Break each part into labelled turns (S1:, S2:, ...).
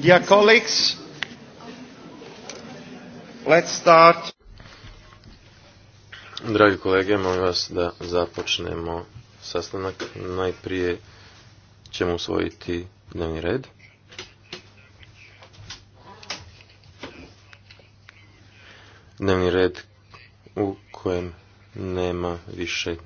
S1: Dear colleagues, let's start. Dragi kolege, molim vas da započnemo sastanak. Najprije ćemo usvojiti dnevni red. Dnevni red u kojem nema više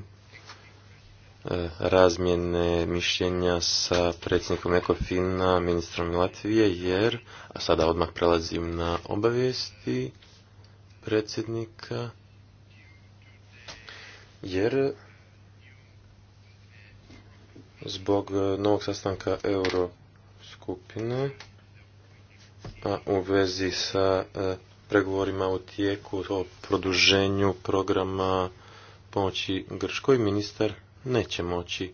S1: E, razmjene mišljenja sa predsjednikom Ekofina, ministrom Latvije, jer, a sada odmah prelazim na obavijesti predsjednika, jer zbog novog sastanka euro skupine, a u vezi sa e, pregovorima o tijeku o produženju programa pomoći Grčkoj, ministar neće moći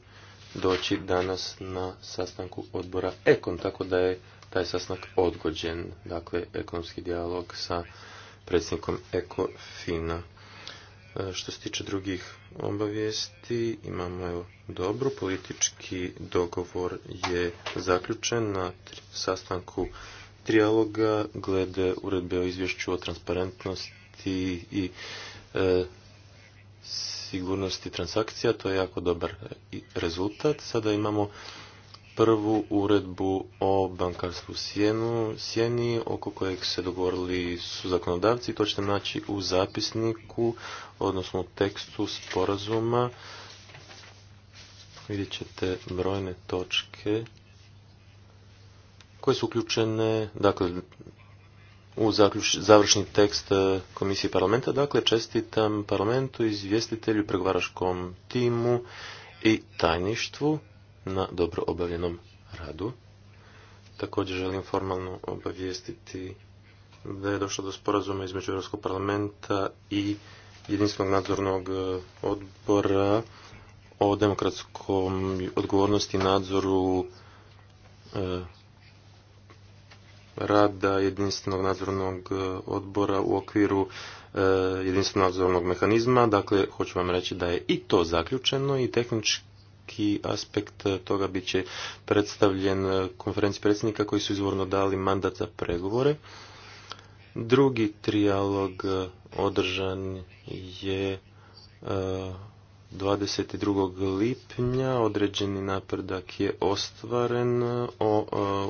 S1: doći danas na sastanku odbora Ekon, tako da je taj sastanak odgođen, dakle ekonomski dijalog sa predsjednikom Ekofina. E, što se tiče drugih obavijesti, imamo evo, dobru. Politički dogovor je zaključen na sastanku trijaloga glede uredbe o izvješću o transparentnosti i e, sigurnosti transakcija, to je jako dobar rezultat. Sada imamo prvu uredbu o bankarstvu sjenu, sjeni, oko kojeg se dogovorili su zakonodavci. To ćete naći u zapisniku, odnosno u tekstu sporazuma. Vidjet ćete brojne točke koje su uključene, dakle, u završni tekst e, Komisije parlamenta. Dakle, čestitam parlamentu, izvjestitelju, pregovaračkom timu i tajništvu na dobro obavljenom radu. Također želim formalno obavijestiti da je došlo do sporazuma između Europskog parlamenta i jedinstvenog nadzornog e, odbora o demokratskom odgovornosti nadzoru e, rada jedinstvenog nadzornog e, odbora u okviru e, jedinstvenog nadzornog mehanizma. Dakle, hoću vam reći da je i to zaključeno i tehnički aspekt toga bit će predstavljen e, konferenciji predsjednika koji su izvorno dali mandat za pregovore. Drugi trijalog održan je 22. lipnja određeni napredak je ostvaren e, o,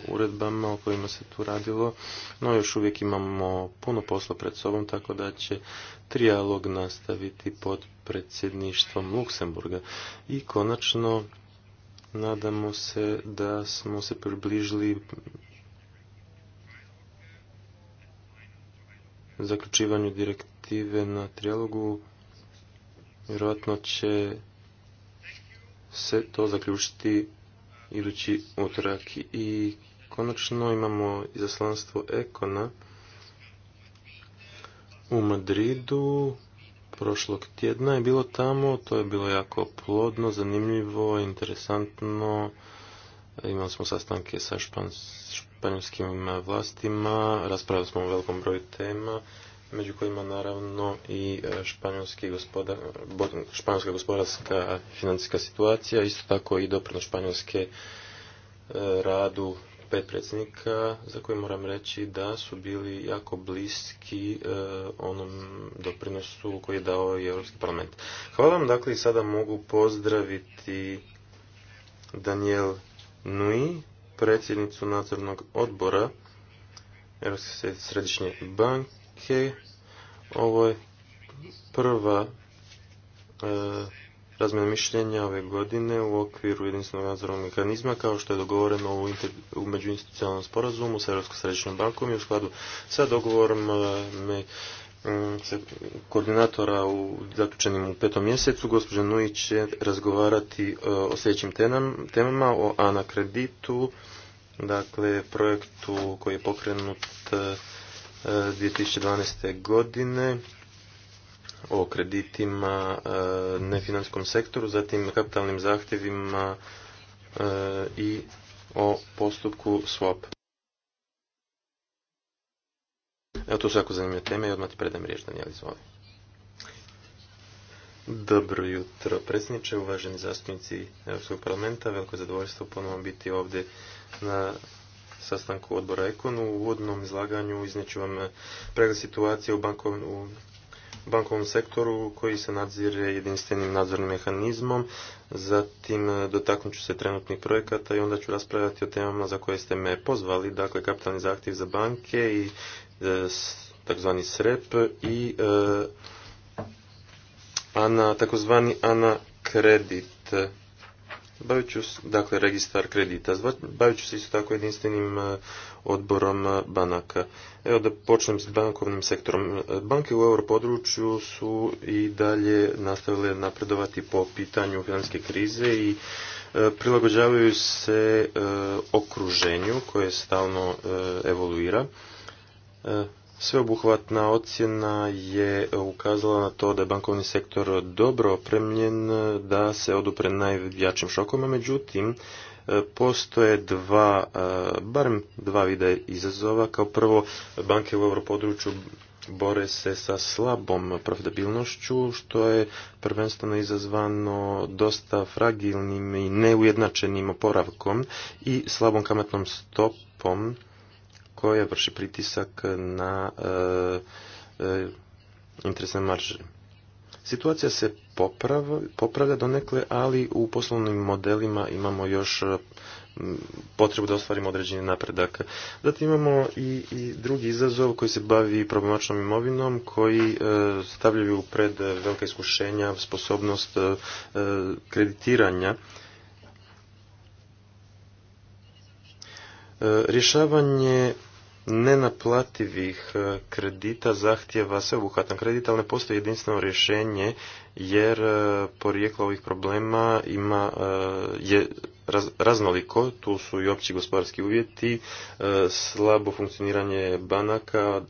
S1: e, uredbama o kojima se tu radilo, no još uvijek imamo puno posla pred sobom, tako da će trijalog nastaviti pod predsjedništvom Luksemburga. I konačno nadamo se da smo se približili zaključivanju direktive na trijalogu Vjerojatno će se to zaključiti idući utorak. I konačno imamo izaslanstvo Ekona u Madridu prošlog tjedna je bilo tamo, to je bilo jako plodno, zanimljivo, interesantno. Imali smo sastanke sa španjolskim vlastima, raspravili smo o velikom broju tema među kojima naravno i e, španjolski španjolska gospodarska financijska situacija, isto tako i doprinos španjolske e, radu pet predsjednika za koje moram reći da su bili jako bliski e, onom doprinosu koji je dao i Europski parlament. Hvala vam, dakle i sada mogu pozdraviti Daniel Nui, predsjednicu nadzornog odbora Europske središnje banke ovo je prva e, razmjena mišljenja ove godine u okviru jedinstvenog nadzornog mehanizma kao što je dogovoreno u, međuinstitucionalnom sporazumu sa Europskom središnjom bankom i u skladu sa dogovorom e, me, koordinatora u zaključenim u petom mjesecu. Gospođa Nuić će razgovarati e, o sljedećim temama, o ANA kreditu, dakle projektu koji je pokrenut e, 2012. godine o kreditima e, nefinanskom sektoru, zatim kapitalnim zahtjevima e, i o postupku swap. Evo to su jako zanimljive teme i odmah ti predam riječ Daniel izvoli. Dobro jutro, predsjedniče, uvaženi zastupnici Europskog parlamenta. Veliko zadovoljstvo ponovno biti ovdje na sastanku odbora Ekon. U uvodnom izlaganju ću vam pregled situacije u, bankovnom sektoru koji se nadzire jedinstvenim nadzornim mehanizmom. Zatim dotaknut ću se trenutnih projekata i onda ću raspravljati o temama za koje ste me pozvali, dakle kapitalni zahtjev za banke i e, takozvani SREP i e, ana, takozvani ana kredit. Bavit ću, dakle, registar kredita. Bavit ću se isto tako jedinstvenim e, odborom e, banaka. Evo da počnem s bankovnim sektorom. E, banke u europodručju su i dalje nastavile napredovati po pitanju financijske krize i prilagođavaju se okruženju koje stalno evoluira. Sveobuhvatna ocjena je ukazala na to da je bankovni sektor dobro opremljen, da se odupre najjačim šokovima, međutim, e, postoje dva, e, barem dva vide izazova. Kao prvo, banke u europodručju bore se sa slabom profitabilnošću, što je prvenstveno izazvano dosta fragilnim i neujednačenim oporavkom i slabom kamatnom stopom koja vrši pritisak na e, e, interesne marže. Situacija se popravlja donekle, ali u poslovnim modelima imamo još e, potrebu da ostvarimo određeni napredak. Zatim imamo i, i drugi izazov koji se bavi problemačnom imovinom, koji e, stavljaju pred velika iskušenja sposobnost e, kreditiranja. E, rješavanje nenaplativih e, kredita zahtjeva sveobuhvatan kredit, ali ne postoji jedinstveno rješenje jer e, porijeklo ovih problema ima e, je raznoliko, tu su i opći gospodarski uvjeti, slabo funkcioniranje banaka,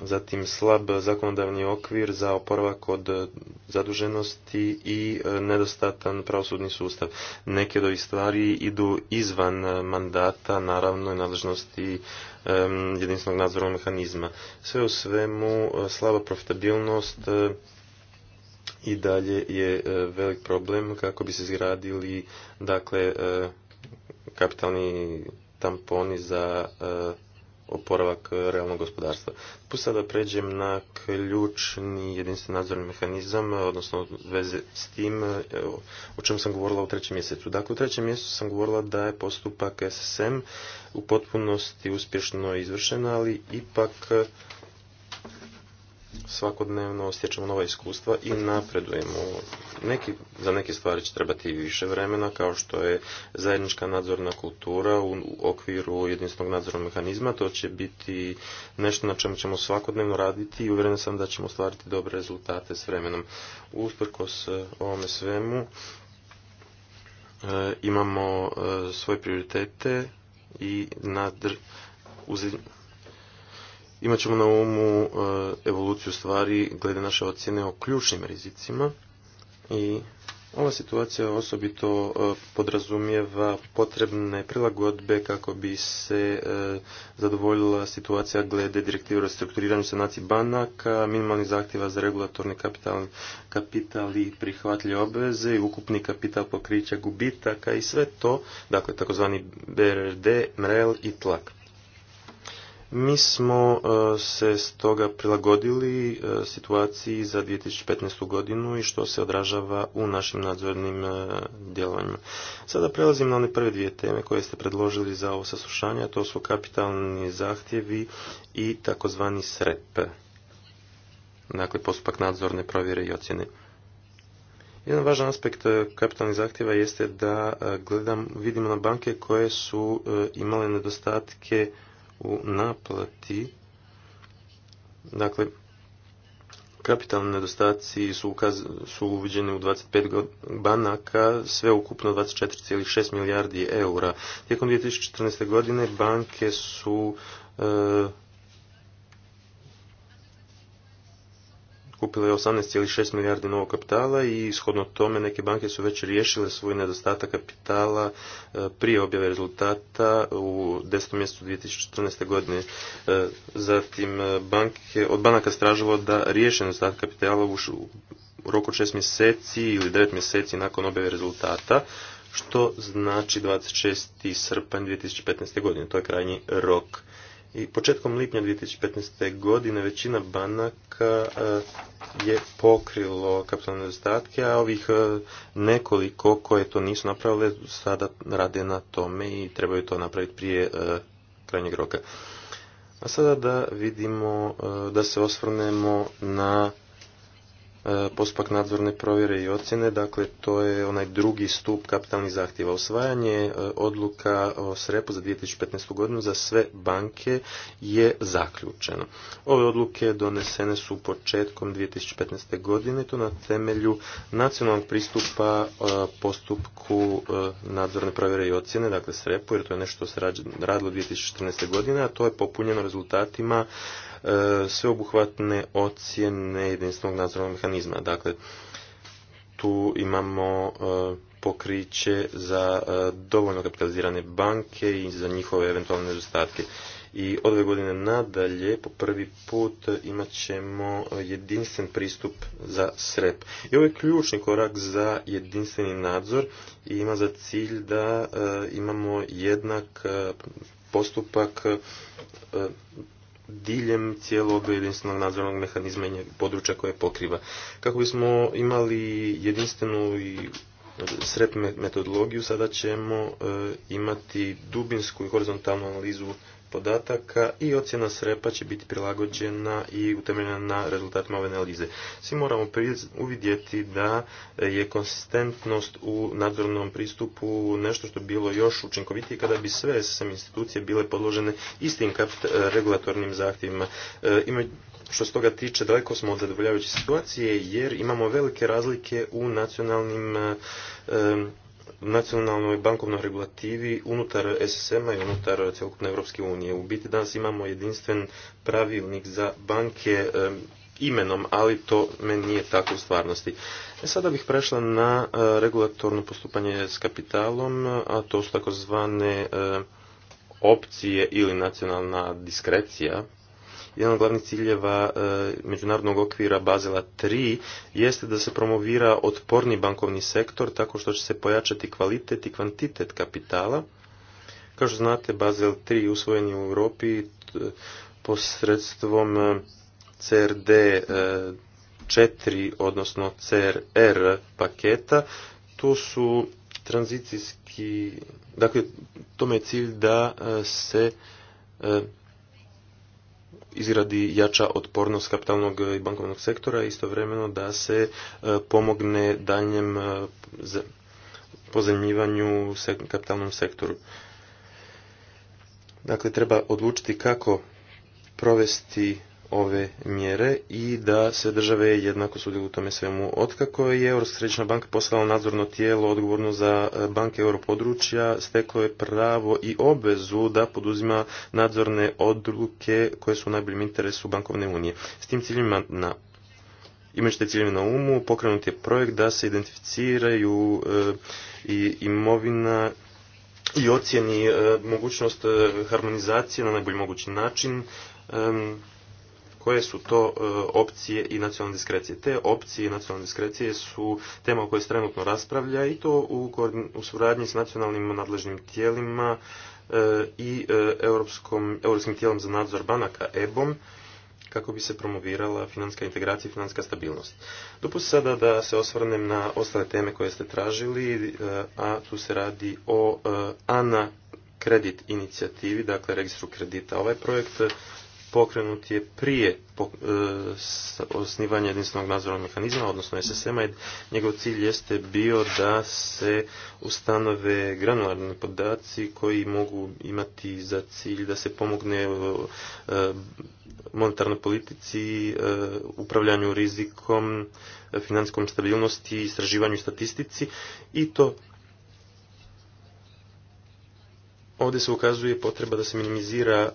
S1: zatim slab zakonodavni okvir za oporavak od zaduženosti i e, nedostatan pravosudni sustav. Neke od ovih stvari idu izvan mandata, naravno i nadležnosti jedinstvenog nadzornog mehanizma. Sve u svemu e, slaba profitabilnost e, i dalje je velik problem kako bi se izgradili dakle kapitalni tamponi za oporavak e, realnog gospodarstva. Tu sada pređem na ključni jedinstven nadzorni mehanizam, e, odnosno veze s tim e, o čemu sam govorila u trećem mjesecu. Dakle, u trećem mjesecu sam govorila da je postupak SSM u potpunosti uspješno izvršen, ali ipak svakodnevno stječemo nova iskustva i napredujemo. Neki, za neke stvari će trebati više vremena, kao što je zajednička nadzorna kultura u, okviru jedinstvenog nadzornog mehanizma. To će biti nešto na čemu ćemo svakodnevno raditi i uvjeren sam da ćemo stvariti dobre rezultate s vremenom. Usprkos e, ovome svemu e, imamo e, svoje prioritete i nadr, imat ćemo na umu e, evoluciju stvari glede naše ocjene o ključnim rizicima i ova situacija osobito e, podrazumijeva potrebne prilagodbe kako bi se e, zadovoljila situacija glede direktive o restrukturiranju sanaciji banaka, minimalnih zahtjeva za regulatorni kapital, kapital i prihvatlje obveze i ukupni kapital pokrića gubitaka i sve to, dakle takozvani BRD, MREL i TLAK. Mi smo e, se stoga prilagodili e, situaciji za 2015. godinu i što se odražava u našim nadzornim e, djelovanjima. Sada prelazim na one prve dvije teme koje ste predložili za ovo saslušanje, a to su kapitalni zahtjevi i takozvani SREP. Dakle, postupak nadzorne provjere i ocjene. Jedan važan aspekt kapitalnih zahtjeva jeste da gledam, vidimo na banke koje su imale nedostatke u naplati. Dakle, kapitalni nedostaci su, su uviđeni u 25 banaka, sve ukupno 24,6 milijardi eura. Tijekom 2014. godine banke su e, je 18,6 milijardi novog kapitala i ishodno tome neke banke su već riješile svoj nedostatak kapitala e, prije objave rezultata u 10. mjesecu 2014. godine. E, zatim e, banke, od banaka stražilo da riješe nedostatak kapitala u roku od 6 mjeseci ili 9 mjeseci nakon objave rezultata što znači 26. srpanj 2015. godine. To je krajnji rok i početkom lipnja 2015. godine većina banaka e, je pokrilo kapitalne nedostatke, a ovih e, nekoliko koje to nisu napravile sada rade na tome i trebaju to napraviti prije e, krajnjeg roka. A sada da vidimo, da se osvrnemo na postupak nadzorne provjere i ocjene, dakle to je onaj drugi stup kapitalnih zahtjeva. Osvajanje e, odluka o srepu za 2015. godinu za sve banke je zaključeno. Ove odluke donesene su početkom 2015. godine, to na temelju nacionalnog pristupa e, postupku e, nadzorne provjere i ocjene, dakle srepu, jer to je nešto što se radilo 2014. godine, a to je popunjeno rezultatima sveobuhvatne ocjene jedinstvenog nadzornog mehanizma. Dakle, tu imamo e, pokriće za e, dovoljno kapitalizirane banke i za njihove eventualne nedostatke. I od ove godine nadalje, po prvi put, imat ćemo jedinstven pristup za SREP. I ovo je ključni korak za jedinstveni nadzor i ima za cilj da e, imamo jednak postupak diljem cijelog jedinstvenog nadzornog mehanizma i područja koje pokriva. Kako bismo imali jedinstvenu i sret metodologiju, sada ćemo e, imati dubinsku i horizontalnu analizu podataka i ocjena srepa će biti prilagođena i utemeljena na rezultatima ove analize. Svi moramo uvidjeti da je konsistentnost u nadzornom pristupu nešto što bi bilo još učinkovitije kada bi sve SSM institucije bile podložene istim regulatornim zahtjevima. E, što se toga tiče, daleko smo od zadovoljavajuće situacije jer imamo velike razlike u nacionalnim e, nacionalnoj bankovnoj regulativi unutar SSM-a i unutar cjelokupne Europske unije. U biti danas imamo jedinstven pravilnik za banke imenom, ali to meni nije tako u stvarnosti. E, sada bih prešla na e, regulatorno postupanje s kapitalom, a to su takozvane e, opcije ili nacionalna diskrecija, jedan od glavnih ciljeva e, međunarodnog okvira Bazela 3 jeste da se promovira otporni bankovni sektor tako što će se pojačati kvalitet i kvantitet kapitala. Kao što znate, Bazel 3 usvojen je u Europi e, posredstvom e, CRD 4, odnosno CRR paketa. Tu su tranzicijski, dakle, tome je cilj da se izgradi jača otpornost kapitalnog i bankovnog sektora, istovremeno da se e, pomogne daljem e, pozemljivanju kapitalnom sektoru. Dakle, treba odlučiti kako provesti ove mjere i da se države jednako sudjeluju u tome svemu. Otkako je Europska središnja banka poslala nadzorno tijelo odgovorno za e, banke europodručja, steklo je pravo i obvezu da poduzima nadzorne odluke koje su u najboljem interesu bankovne unije. S tim ciljima na Imajući te ciljeve na umu, pokrenut je projekt da se identificiraju e, i imovina i ocjeni e, mogućnost harmonizacije na najbolji mogući način koje su to e, opcije i nacionalne diskrecije. Te opcije i nacionalne diskrecije su tema o kojoj se trenutno raspravlja i to u suradnji s nacionalnim nadležnim tijelima e, i e, Europskim tijelom za nadzor banaka EBOM kako bi se promovirala financijska integracija i financijska stabilnost. Dopustite sada da se osvrnem na ostale teme koje ste tražili, a tu se radi o ANA kredit inicijativi, dakle registru kredita. Ovaj projekt pokrenut je prije e, osnivanja jedinstvenog nadzornog mehanizma, odnosno SSM-a. Njegov cilj jeste bio da se ustanove granularni podaci koji mogu imati za cilj da se pomogne e, monetarnoj politici, e, upravljanju rizikom, financijskom stabilnosti, istraživanju statistici i to Ovdje se ukazuje potreba da se minimizira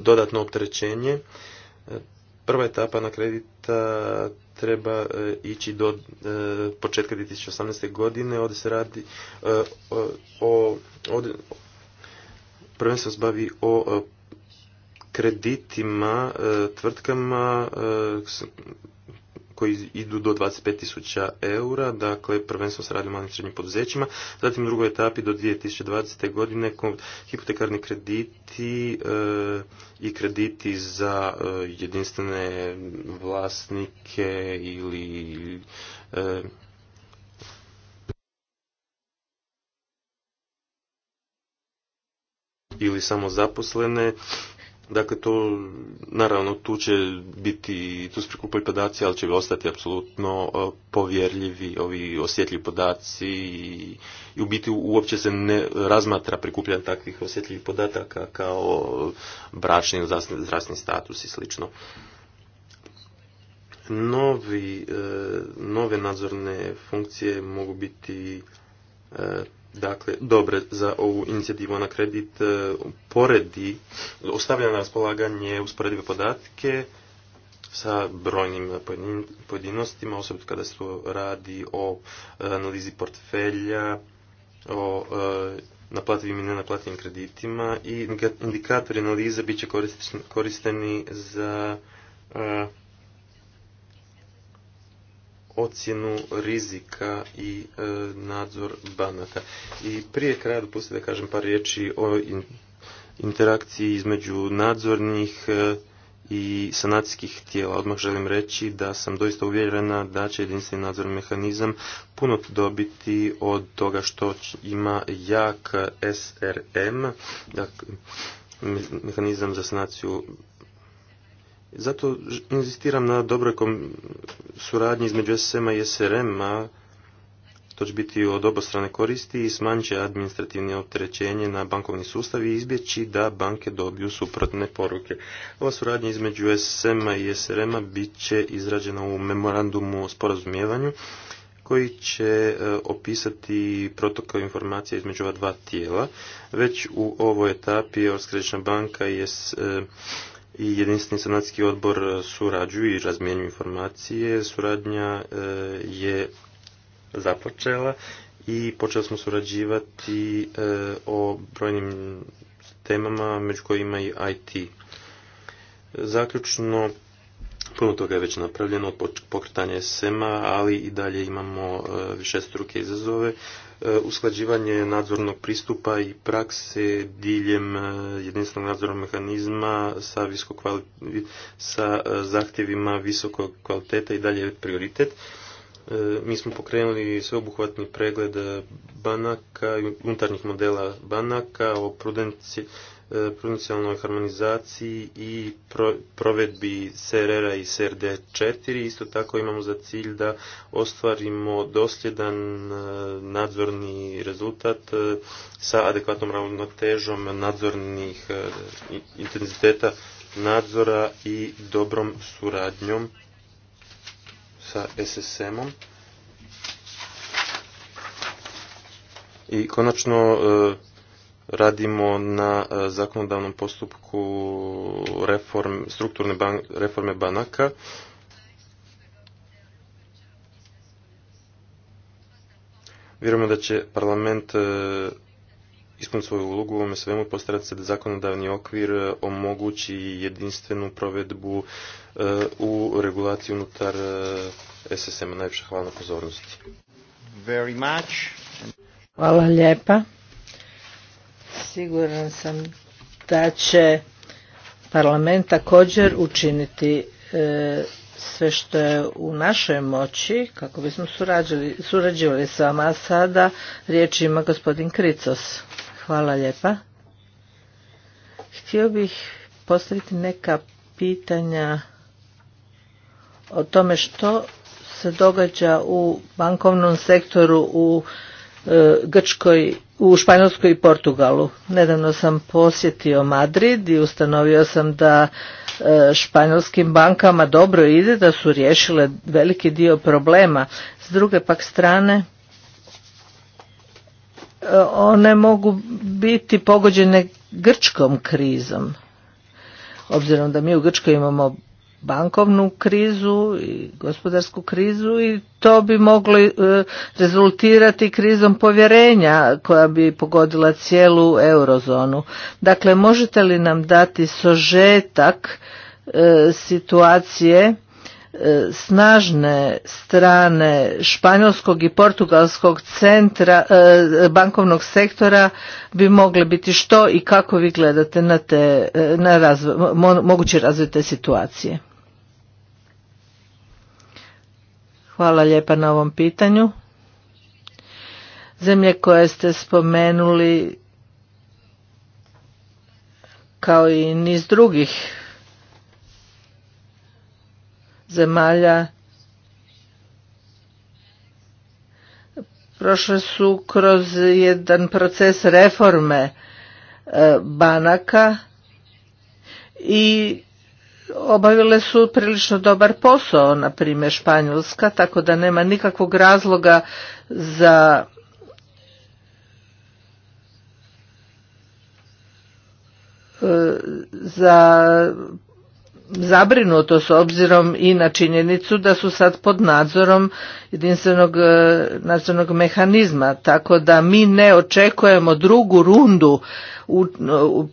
S1: dodatno opterećenje. E, prva etapa na kredita treba e, ići do e, početka 2018. godine. Ovdje se radi o, ovdje, se bavi o kreditima, tvrtkama koji idu do 25.000 eura, dakle prvenstveno se radi o malim srednjim poduzećima. Zatim u drugoj etapi do 2020. godine hipotekarni krediti e, i krediti za e, jedinstvene vlasnike ili e, ili samozaposlene Dakle, to, naravno, tu će biti, tu se prikupljaju podaci, ali će ostati apsolutno e, povjerljivi ovi osjetljivi podaci i, u biti uopće se ne razmatra prikupljanje takvih osjetljivih podataka kao bračni ili zdravstveni status i slično. Novi, e, nove nadzorne funkcije mogu biti e, dakle, dobre za ovu inicijativu na kredit e, poredi, ostavlja na raspolaganje usporedive podatke sa brojnim pojedinostima, osobito kada se radi o e, analizi portfelja, o e, naplativim i nenaplativim kreditima i indikatori analize bit će koristeni za ocjenu rizika i e, nadzor banaka. I prije kraja dopustite da kažem par riječi o interakciji između nadzornih e, i sanacijskih tijela. Odmah želim reći da sam doista uvjerena da će jedinstveni nadzorni mehanizam puno dobiti od toga što ima jak SRM, dakle, mehanizam za sanaciju zato inzistiram na dobroj suradnji između SSM-a i SRM-a, to će biti od obostrane koristi i smanjit administrativne administrativno opterećenje na bankovni sustav i izbjeći da banke dobiju suprotne poruke. Ova suradnja između SSM-a i SRM-a bit će izrađena u memorandumu o sporazumijevanju koji će e, opisati protokol informacija između ova dva tijela. Već u ovoj etapi Europska banka i e, i jedinstveni sanatski odbor e, surađuju i razmijenju informacije. Suradnja e, je započela i počeli smo surađivati e, o brojnim temama, među kojima i IT. Zaključno, puno toga je već napravljeno od pokretanja sm ali i dalje imamo više struke izazove. E, usklađivanje nadzornog pristupa i prakse diljem e, jedinstvenog nadzornog mehanizma sa, sa e, zahtjevima visokog kvaliteta i dalje prioritet. Mi smo pokrenuli sveobuhvatni pregled banaka, unutarnjih modela banaka o E, provincijalnoj harmonizaciji i provedbi CRR-a i SRD 4 Isto tako imamo za cilj da ostvarimo dosljedan e, nadzorni rezultat e, sa adekvatnom ravnotežom nadzornih intenziteta nadzora i dobrom suradnjom sa SSM-om. I konačno radimo na e, zakonodavnom postupku strukturne reforme banaka. Vjerujemo da će parlament e, ispuniti svoju ulogu u ovome svemu postarati se da zakonodavni okvir e, omogući jedinstvenu provedbu u regulaciji unutar SSM-a. Najviše hvala na pozornosti.
S2: Hvala lijepa. Siguran sam da će parlament također učiniti e, sve što je u našoj moći kako bismo surađivali s vama. A sada riječ ima gospodin Kricos. Hvala lijepa. Htio bih postaviti neka pitanja o tome što se događa u bankovnom sektoru u E, Grčkoj, u Španjolskoj i Portugalu. Nedavno sam posjetio Madrid i ustanovio sam da e, španjolskim bankama dobro ide, da su riješile veliki dio problema. S druge pak strane, e, one mogu biti pogođene grčkom krizom. Obzirom da mi u Grčkoj imamo bankovnu krizu i gospodarsku krizu i to bi moglo e, rezultirati krizom povjerenja koja bi pogodila cijelu eurozonu. Dakle, možete li nam dati sožetak e, situacije e, snažne strane španjolskog i portugalskog centra bankovnog sektora bi mogle biti što i kako vi gledate na te na razvoj, mogući razvoj te situacije Hvala lijepa na ovom pitanju. Zemlje koje ste spomenuli kao i niz drugih zemalja prošle su kroz jedan proces reforme e, banaka i obavile su prilično dobar posao, na primjer Španjolska, tako da nema nikakvog razloga za za zabrinuto s obzirom i na činjenicu da su sad pod nadzorom jedinstvenog e, nacionalnog mehanizma, tako da mi ne očekujemo drugu rundu u,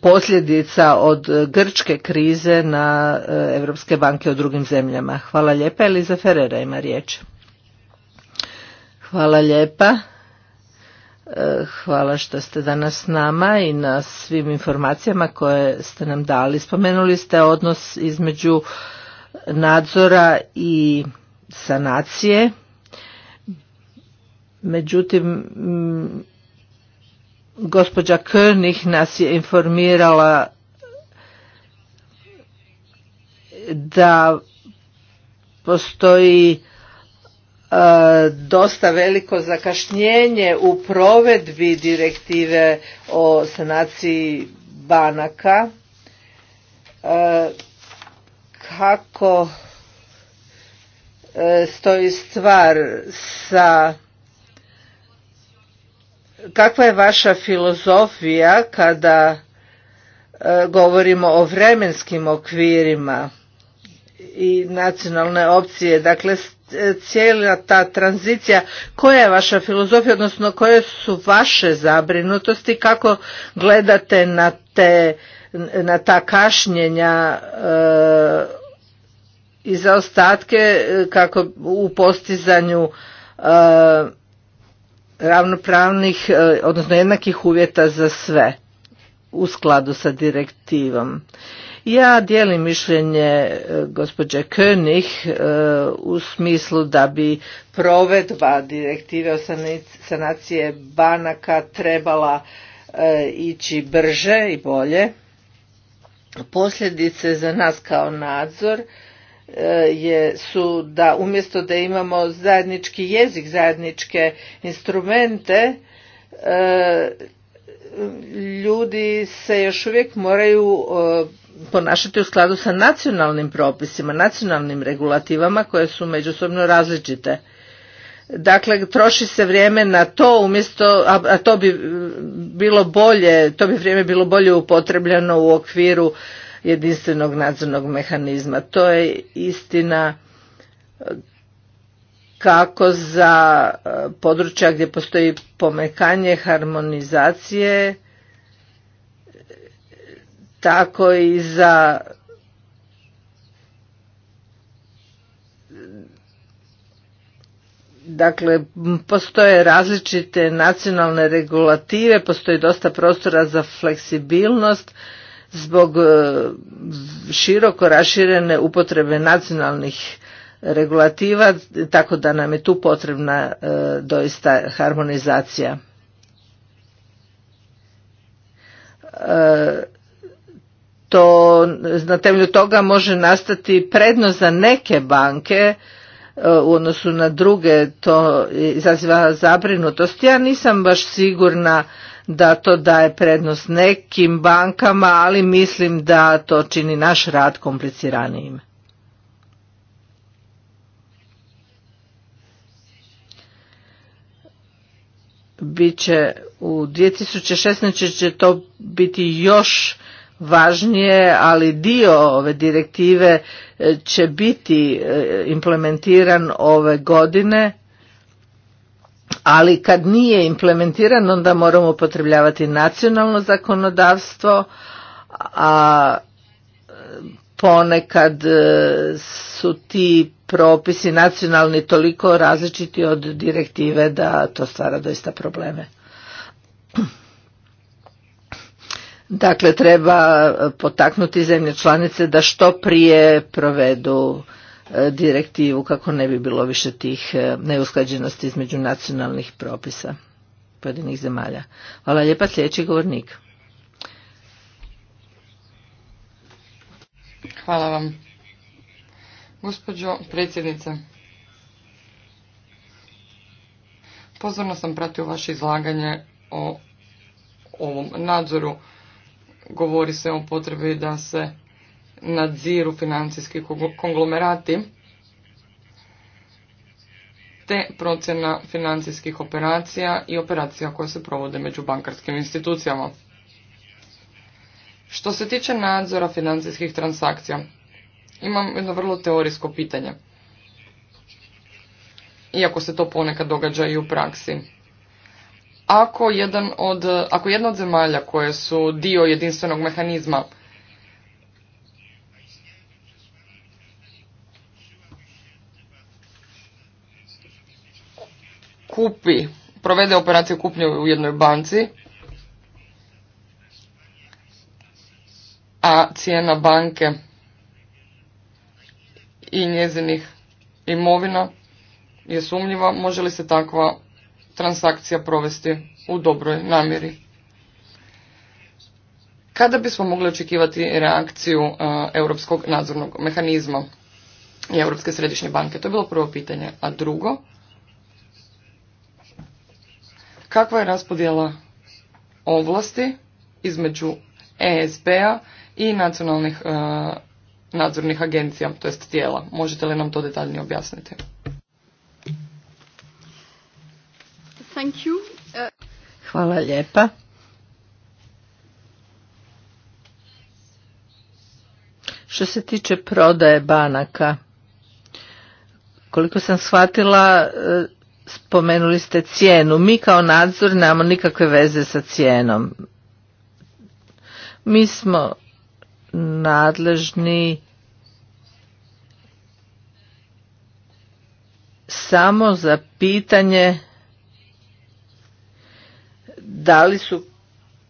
S2: posljedica od grčke krize na Europske banke u drugim zemljama. Hvala lijepa, Eliza Ferrera ima riječ. Hvala lijepa. Eh, hvala što ste danas s nama i na svim informacijama koje ste nam dali. Spomenuli ste odnos između nadzora i sanacije. Međutim, mm, gospođa krnih nas je informirala da postoji E, dosta veliko zakašnjenje u provedbi direktive o sanaciji banaka e, kako e, stoji stvar sa kakva je vaša filozofija kada govorimo o vremenskim okvirima i nacionalne opcije dakle cijela ta tranzicija, koja je vaša filozofija, odnosno koje su vaše zabrinutosti, kako gledate na, te, na ta kašnjenja e, i zaostatke e, kako u postizanju e, ravnopravnih, odnosno jednakih uvjeta za sve u skladu sa direktivom. Ja dijelim mišljenje e, gospođe König e, u smislu da bi provedba direktive o sanacije banaka trebala e, ići brže i bolje. Posljedice za nas kao nadzor je, su da umjesto da imamo zajednički jezik, zajedničke instrumente, ljudi se još uvijek moraju ponašati u skladu sa nacionalnim propisima, nacionalnim regulativama koje su međusobno različite. Dakle, troši se vrijeme na to umjesto, a to bi mm, bilo bolje, to bi vrijeme bilo bolje upotrebljeno u okviru jedinstvenog nadzornog mehanizma. To je istina e, kako za e, područja gdje postoji pomekanje harmonizacije tako i za dakle postoje različite nacionalne regulative, postoji dosta prostora za fleksibilnost zbog e, široko raširene upotrebe nacionalnih regulativa, tako da nam je tu potrebna e, doista harmonizacija. E, to na temelju toga može nastati prednost za neke banke e, u odnosu na druge to izaziva zabrinutost. Ja nisam baš sigurna da to daje prednost nekim bankama, ali mislim da to čini naš rad kompliciranijim. Biće u 2016. će to biti još važnije, ali dio ove direktive e, će biti e, implementiran ove godine, ali kad nije implementiran onda moramo upotrebljavati nacionalno zakonodavstvo, a ponekad e, su ti propisi nacionalni toliko različiti od direktive da to stvara doista probleme. Dakle, treba eh, potaknuti zemlje članice da što prije provedu eh, direktivu kako ne bi bilo više tih eh, neusklađenosti između nacionalnih propisa pojedinih zemalja. Hvala lijepa sljedeći govornik.
S3: Hvala vam. Gospođo predsjednice, pozorno sam pratio vaše izlaganje o ovom nadzoru govori se o potrebi da se nadziru financijski konglomerati te procjena financijskih operacija i operacija koje se provode među bankarskim institucijama. Što se tiče nadzora financijskih transakcija, imam jedno vrlo teorijsko pitanje. Iako se to ponekad događa i u praksi ako, jedan od, ako jedna od zemalja koje su dio jedinstvenog mehanizma kupi, provede operaciju kupnje u jednoj banci, a cijena banke i njezinih imovina je sumnjiva, može li se takva transakcija provesti u dobroj namjeri. Kada bismo mogli očekivati reakciju e, europskog nadzornog mehanizma i Europske središnje banke? To je bilo prvo pitanje. A drugo, kakva je raspodjela ovlasti između ESB-a p-a i nacionalnih e, nadzornih agencija, to jest tijela? Možete li nam to detaljnije objasniti?
S1: Uh,
S3: Hvala lijepa.
S2: Što se tiče prodaje banaka, koliko sam shvatila, eh, spomenuli ste cijenu. Mi kao nadzor nemamo nikakve veze sa cijenom. Mi smo nadležni samo za pitanje da li su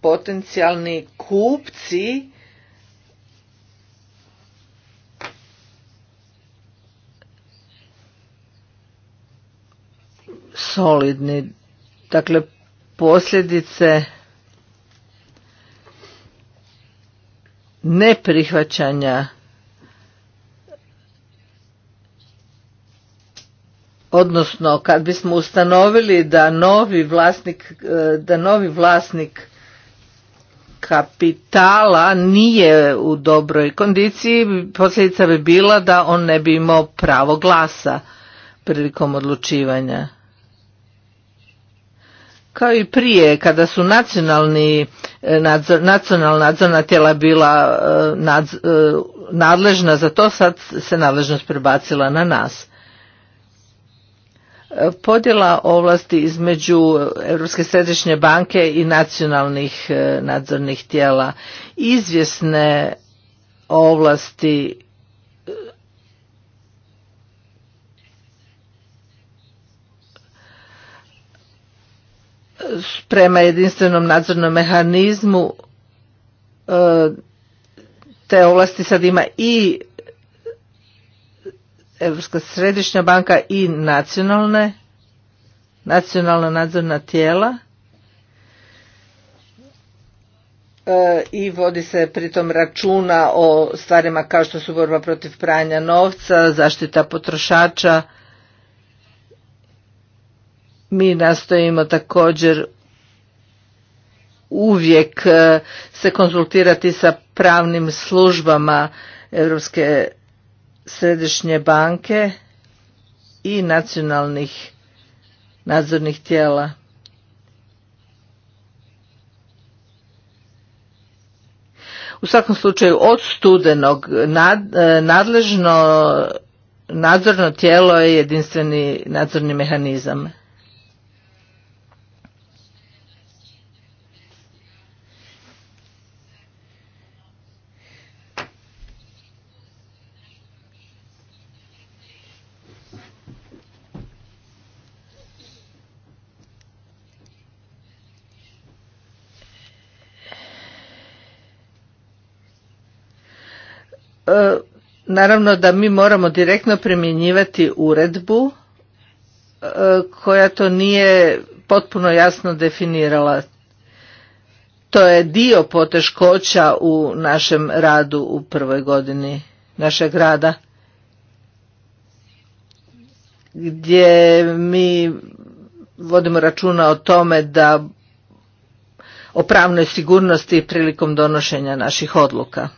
S2: potencijalni kupci solidni. Dakle, posljedice neprihvaćanja odnosno kad bismo ustanovili da novi vlasnik e, da novi vlasnik kapitala nije u dobroj kondiciji posljedica bi bila da on ne bi imao pravo glasa prilikom odlučivanja kao i prije kada su nacionalni e, nadzor, nacionalna nadzorna tijela bila e, nadležna za to sad se nadležnost prebacila na nas podjela ovlasti između Europske središnje banke i nacionalnih e, nadzornih tijela. Izvjesne ovlasti e, prema jedinstvenom nadzornom mehanizmu e, te ovlasti sad ima i Europska središnja banka i nacionalne, nacionalna nadzorna tijela e, i vodi se pritom računa o stvarima kao što su borba protiv pranja novca, zaštita potrošača. Mi nastojimo također uvijek e, se konzultirati sa pravnim službama Europske središnje banke i nacionalnih nadzornih tijela. U svakom slučaju od studenog e, nadležno nadzorno tijelo je jedinstveni nadzorni mehanizam. E, naravno da mi moramo direktno primjenjivati uredbu e, koja to nije potpuno jasno definirala. To je dio poteškoća u našem radu u prvoj godini našeg rada gdje mi vodimo računa o tome da o pravnoj sigurnosti prilikom donošenja naših odluka.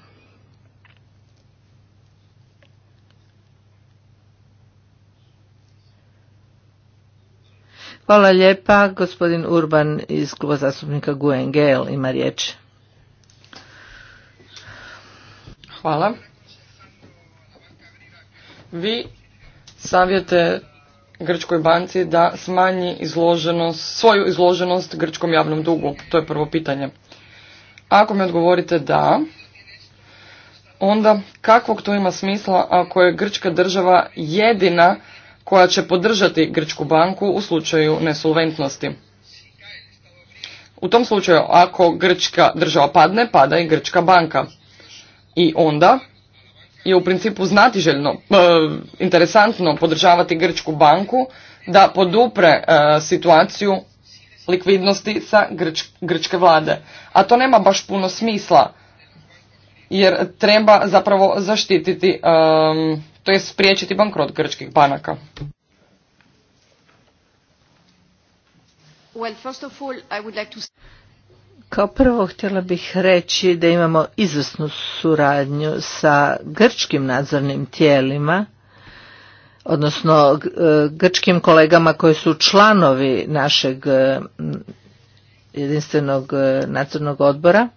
S2: Hvala lijepa. Gospodin Urban iz kluba zastupnika Guengel ima riječ.
S3: Hvala. Vi savjete Grčkoj banci da smanji izloženost, svoju izloženost grčkom javnom dugu? To je prvo pitanje. Ako mi odgovorite da, onda kakvog to ima smisla ako je grčka država jedina koja će podržati Grčku banku u slučaju nesolventnosti. U tom slučaju, ako Grčka država padne, pada i Grčka banka. I onda je u principu znatiželjno, e, interesantno podržavati Grčku banku da podupre e, situaciju likvidnosti sa Grčke vlade. A to nema baš puno smisla jer treba zapravo zaštititi e, to je spriječiti bankrot grčkih banaka.
S2: Kao prvo htjela bih reći da imamo izvrsnu suradnju sa grčkim nadzornim tijelima, odnosno e, grčkim kolegama koji su članovi našeg jedinstvenog e, nadzornog odbora.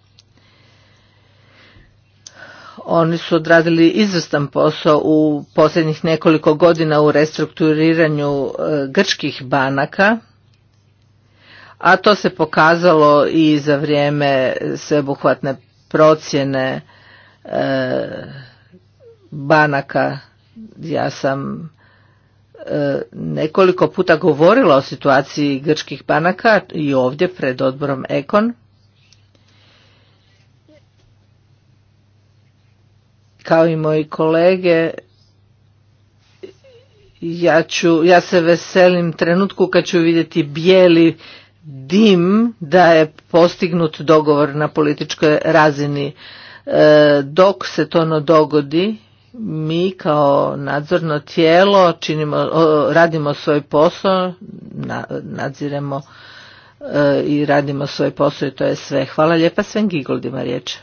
S2: Oni su odradili izvrstan posao u posljednjih nekoliko godina u restrukturiranju e, grčkih banaka, a to se pokazalo i za vrijeme sveobuhvatne procjene e, banaka. Ja sam e, nekoliko puta govorila o situaciji grčkih banaka i ovdje pred odborom Ekon. kao i moji kolege ja, ću, ja se veselim trenutku kad ću vidjeti bijeli dim da je postignut dogovor na političkoj razini. E, dok se to ne dogodi, mi kao nadzorno tijelo činimo, radimo svoj posao, nadziremo e, i radimo svoj posao i to je sve. Hvala lijepa svem Gigoldima riječe.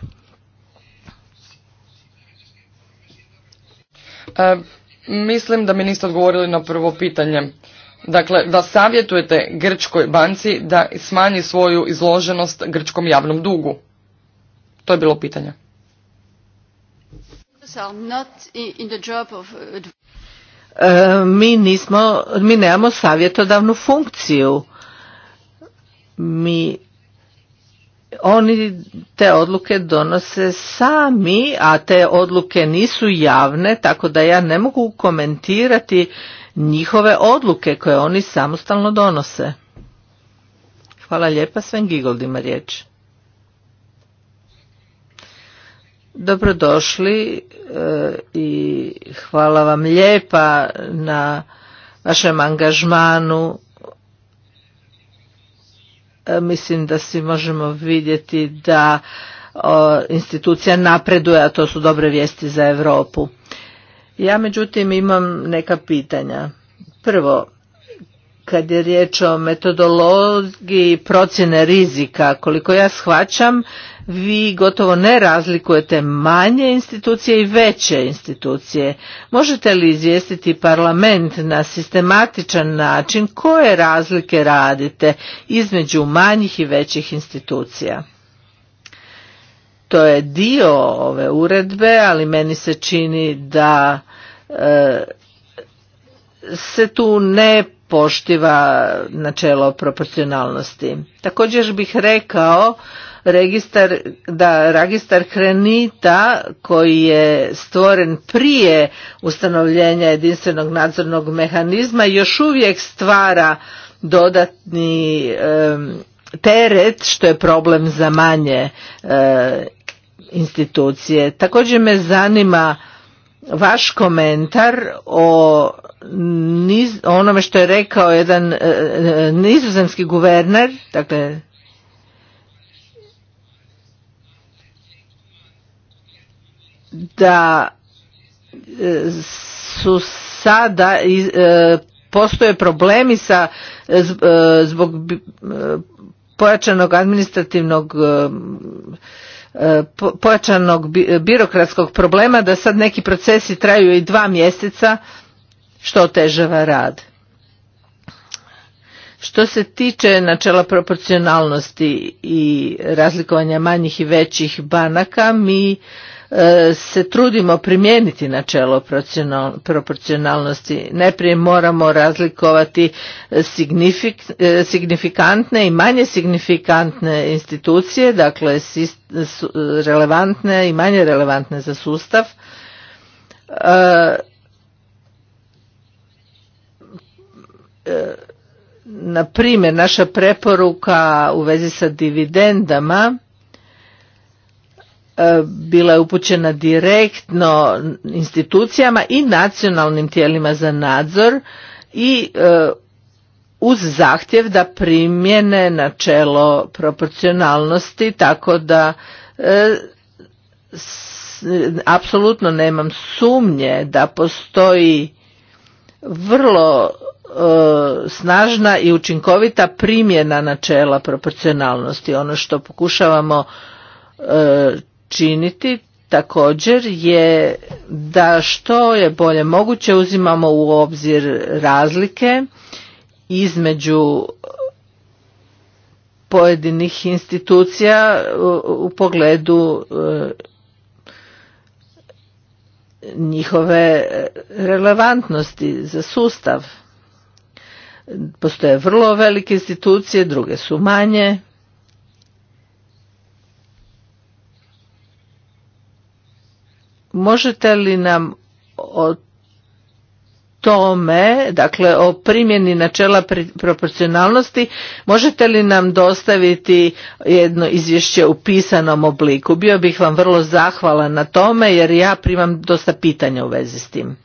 S3: E, mislim da mi niste odgovorili na prvo pitanje. Dakle, da savjetujete Grčkoj banci da smanji svoju izloženost grčkom javnom dugu. To je bilo pitanje.
S2: E, mi nismo, mi nemamo savjetodavnu funkciju. Mi oni te odluke donose sami, a te odluke nisu javne, tako da ja ne mogu komentirati njihove odluke koje oni samostalno donose. Hvala lijepa, Sven Gigold ima riječ. Dobrodošli e, i hvala vam lijepa na vašem angažmanu E, mislim da svi možemo vidjeti da institucija napreduje, a to su dobre vijesti za Europu. Ja međutim imam neka pitanja. Prvo, kad je riječ o metodologiji procjene rizika, koliko ja shvaćam, vi gotovo ne razlikujete manje institucije i veće institucije. Možete li izvijestiti parlament na sistematičan način koje razlike radite između manjih i većih institucija? To je dio ove uredbe, ali meni se čini da e, se tu ne poštiva načelo proporcionalnosti. Također bih rekao registar, da registar krenita koji je stvoren prije ustanovljenja jedinstvenog nadzornog mehanizma još uvijek stvara dodatni teret što je problem za manje eh, institucije. Također me zanima vaš komentar o onome što je rekao jedan e, nizozemski guverner, dakle da e, su sada e, postoje problemi sa e, zbog pojačanog administrativnog pojačanog birokratskog problema da sad neki procesi traju i dva mjeseca što otežava rad. Što se tiče načela proporcionalnosti i razlikovanja manjih i većih banaka, mi E, se trudimo primijeniti načelo proporcionalnosti. Najprije moramo razlikovati e, e, signifikantne i manje signifikantne institucije, dakle relevantne i manje relevantne za sustav. Na primjer, naša preporuka u vezi sa dividendama E, bila je upućena direktno institucijama i nacionalnim tijelima za nadzor i e, uz zahtjev da primjene načelo proporcionalnosti tako da e, apsolutno nemam sumnje da postoji vrlo snažna i učinkovita primjena načela proporcionalnosti ono što pokušavamo činiti također je da što je bolje moguće uzimamo u obzir razlike između pojedinih institucija u pogledu e, njihove relevantnosti za sustav. Postoje vrlo velike institucije, druge su manje. Možete li nam o tome, dakle o primjeni načela proporcionalnosti, možete li nam dostaviti jedno izvješće u pisanom obliku? Bio bih vam vrlo zahvalan na tome jer ja primam dosta pitanja u vezi s tim.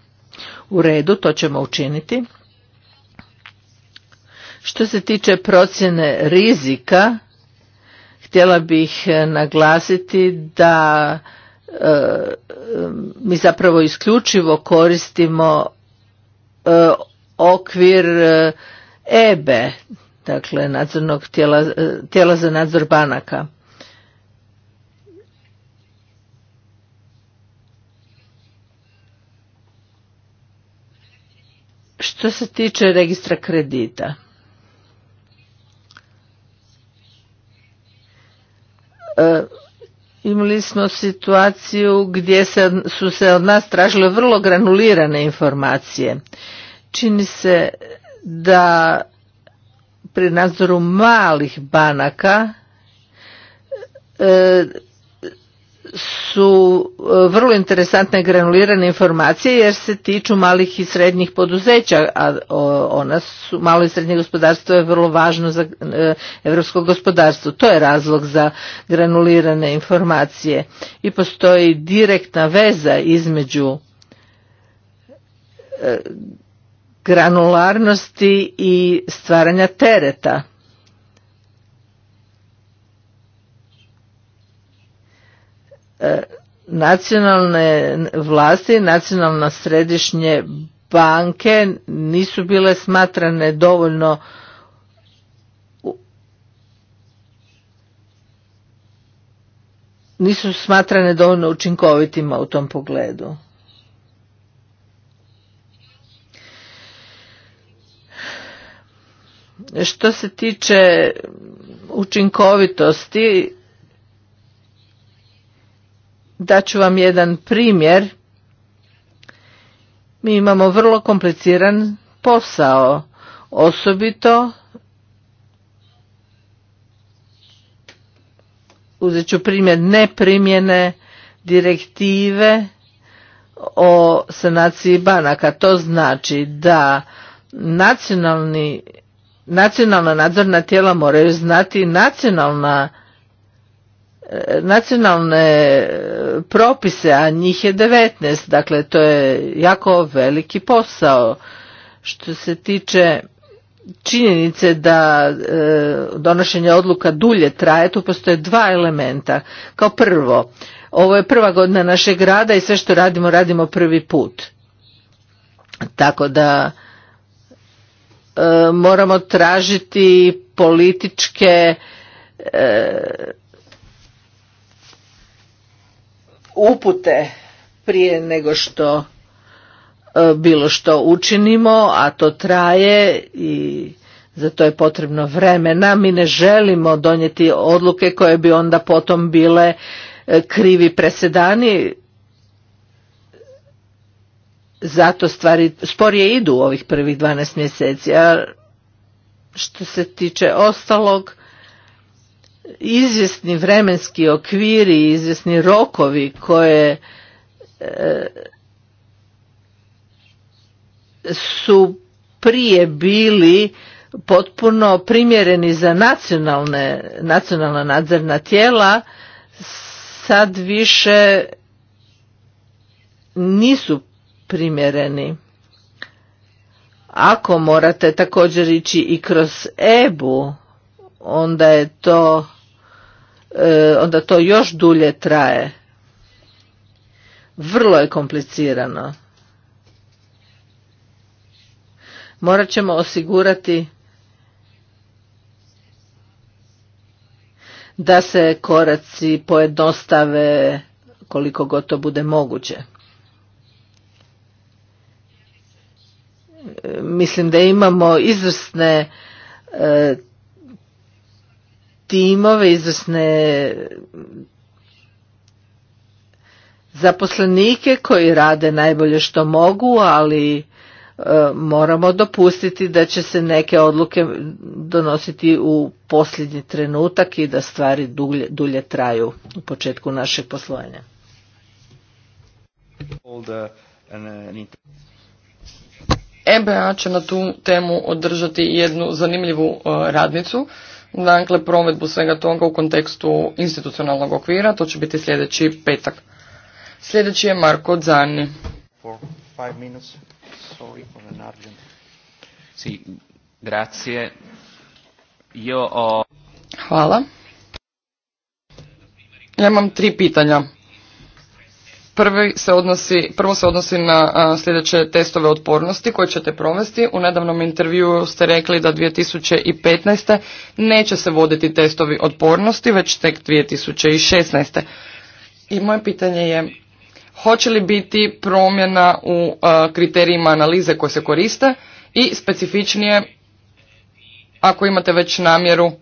S2: U redu, to ćemo učiniti. Što se tiče procjene rizika, htjela bih eh, naglasiti da E, mi zapravo isključivo koristimo e, okvir EBE, e dakle nadzornog tijela, tijela za nadzor banaka. Što se tiče registra kredita, Imali smo situaciju gdje se, su se od nas tražile vrlo granulirane informacije. Čini se da pri nadzoru malih banaka e, su e, vrlo interesantne granulirane informacije jer se tiču malih i srednjih poduzeća, a ona su, malo i srednje gospodarstvo je vrlo važno za europsko gospodarstvo. To je razlog za granulirane informacije i postoji direktna veza između e, granularnosti i stvaranja tereta. E, nacionalne vlasti, nacionalna središnje banke nisu bile smatrane dovoljno nisu smatrane dovoljno učinkovitima u tom pogledu. Što se tiče učinkovitosti, Daću vam jedan primjer. Mi imamo vrlo kompliciran posao, osobito uzet ću primjer neprimjene direktive o sanaciji banaka. To znači da nacionalni, nacionalna nadzorna tijela moraju znati nacionalna nacionalne e, propise, a njih je 19, dakle to je jako veliki posao. Što se tiče činjenice da e, donošenje odluka dulje traje, tu postoje dva elementa. Kao prvo, ovo je prva godina našeg rada i sve što radimo, radimo prvi put. Tako da e, moramo tražiti političke upute prije nego što e, bilo što učinimo, a to traje i za to je potrebno vremena. Mi ne želimo donijeti odluke koje bi onda potom bile e, krivi presedani. Zato stvari sporije idu u ovih prvih 12 mjeseci. A što se tiče ostalog, izvjesni vremenski okviri, izvjesni rokovi koje e, su prije bili potpuno primjereni za nacionalne, nacionalna nadzorna tijela, sad više nisu primjereni. Ako morate također ići i kroz EBU, onda je to e, onda to još dulje traje. Vrlo je komplicirano. Morat ćemo osigurati da se koraci pojednostave koliko god to bude moguće. Mislim da imamo izvrsne e, timove, izvrsne zaposlenike koji rade najbolje što mogu, ali e, moramo dopustiti da će se neke odluke donositi u posljednji trenutak i da stvari dulje, traju u početku našeg
S3: poslovanja. EBA uh, će na tu temu održati jednu zanimljivu uh, radnicu dakle provedbu svega toga u kontekstu institucionalnog okvira, to će biti sljedeći petak. Sljedeći je Marko Zani. Hvala. Ja imam tri pitanja. Prvi se odnosi, prvo se odnosi na sljedeće testove otpornosti koje ćete provesti. U nedavnom intervju ste rekli da 2015. neće se voditi testovi otpornosti, već tek 2016. I moje pitanje je, hoće li biti promjena u kriterijima analize koje se koriste i specifičnije, ako imate već namjeru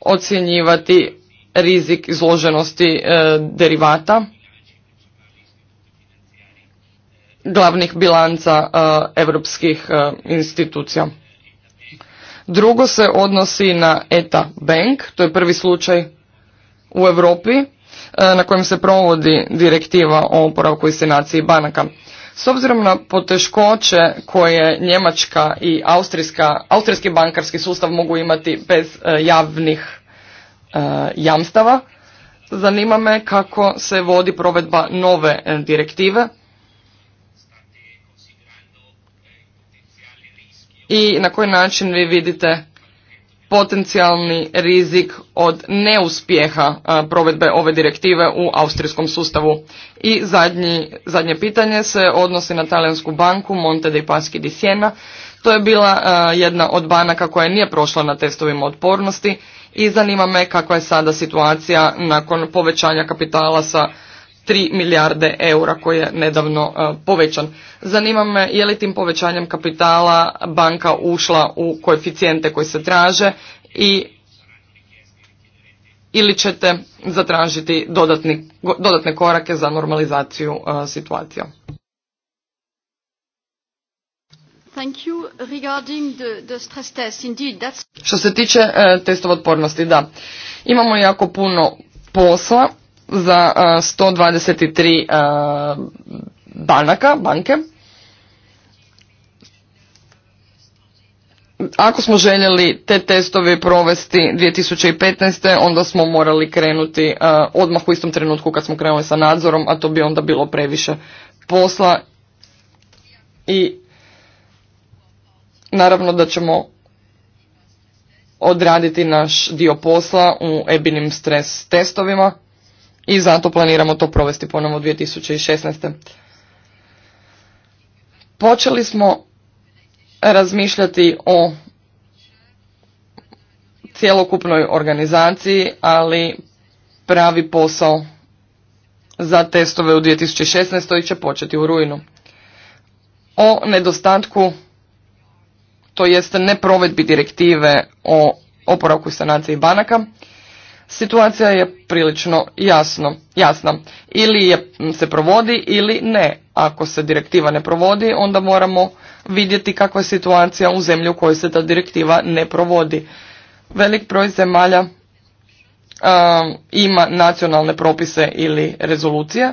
S3: ocjenjivati rizik izloženosti e, derivata glavnih bilanca europskih e, institucija. Drugo se odnosi na ETA Bank, to je prvi slučaj u Europi e, na kojem se provodi direktiva o oporavku i sanaciji banaka. S obzirom na poteškoće koje Njemačka i austrijski bankarski sustav mogu imati bez javnih E, jamstava. Zanima me kako se vodi provedba nove e, direktive i na koji način vi vidite potencijalni rizik od neuspjeha e, provedbe ove direktive u austrijskom sustavu. I zadnji, zadnje pitanje se odnosi na talijansku banku Monte dei Paschi di Siena. To je bila jedna od banaka koja nije prošla na testovima otpornosti i zanima me kakva je sada situacija nakon povećanja kapitala sa 3 milijarde eura koji je nedavno e, povećan. Zanima me je li tim povećanjem kapitala banka ušla u koeficijente koji se traže i ili ćete zatražiti dodatne korake za normalizaciju e, situacija. Što se tiče e, testova otpornosti, da. Imamo jako puno posla za 123 e, e, banaka, banke. Ako smo željeli te testove provesti 2015. onda smo morali krenuti odmah u istom trenutku kad smo krenuli sa nadzorom, a to bi onda bilo previše posla i Naravno da ćemo odraditi naš dio posla u ebinim stres testovima i zato planiramo to provesti ponovo 2016. Počeli smo razmišljati o cjelokupnoj organizaciji, ali pravi posao za testove u 2016. će početi u rujnu. O nedostatku to jest neprovedbi direktive o oporavku i sanaciji banaka, situacija je prilično jasno, jasna. Ili je, se provodi ili ne. Ako se direktiva ne provodi, onda moramo vidjeti kakva je situacija u zemlji u kojoj se ta direktiva ne provodi. Velik broj zemalja ima nacionalne propise ili rezolucije,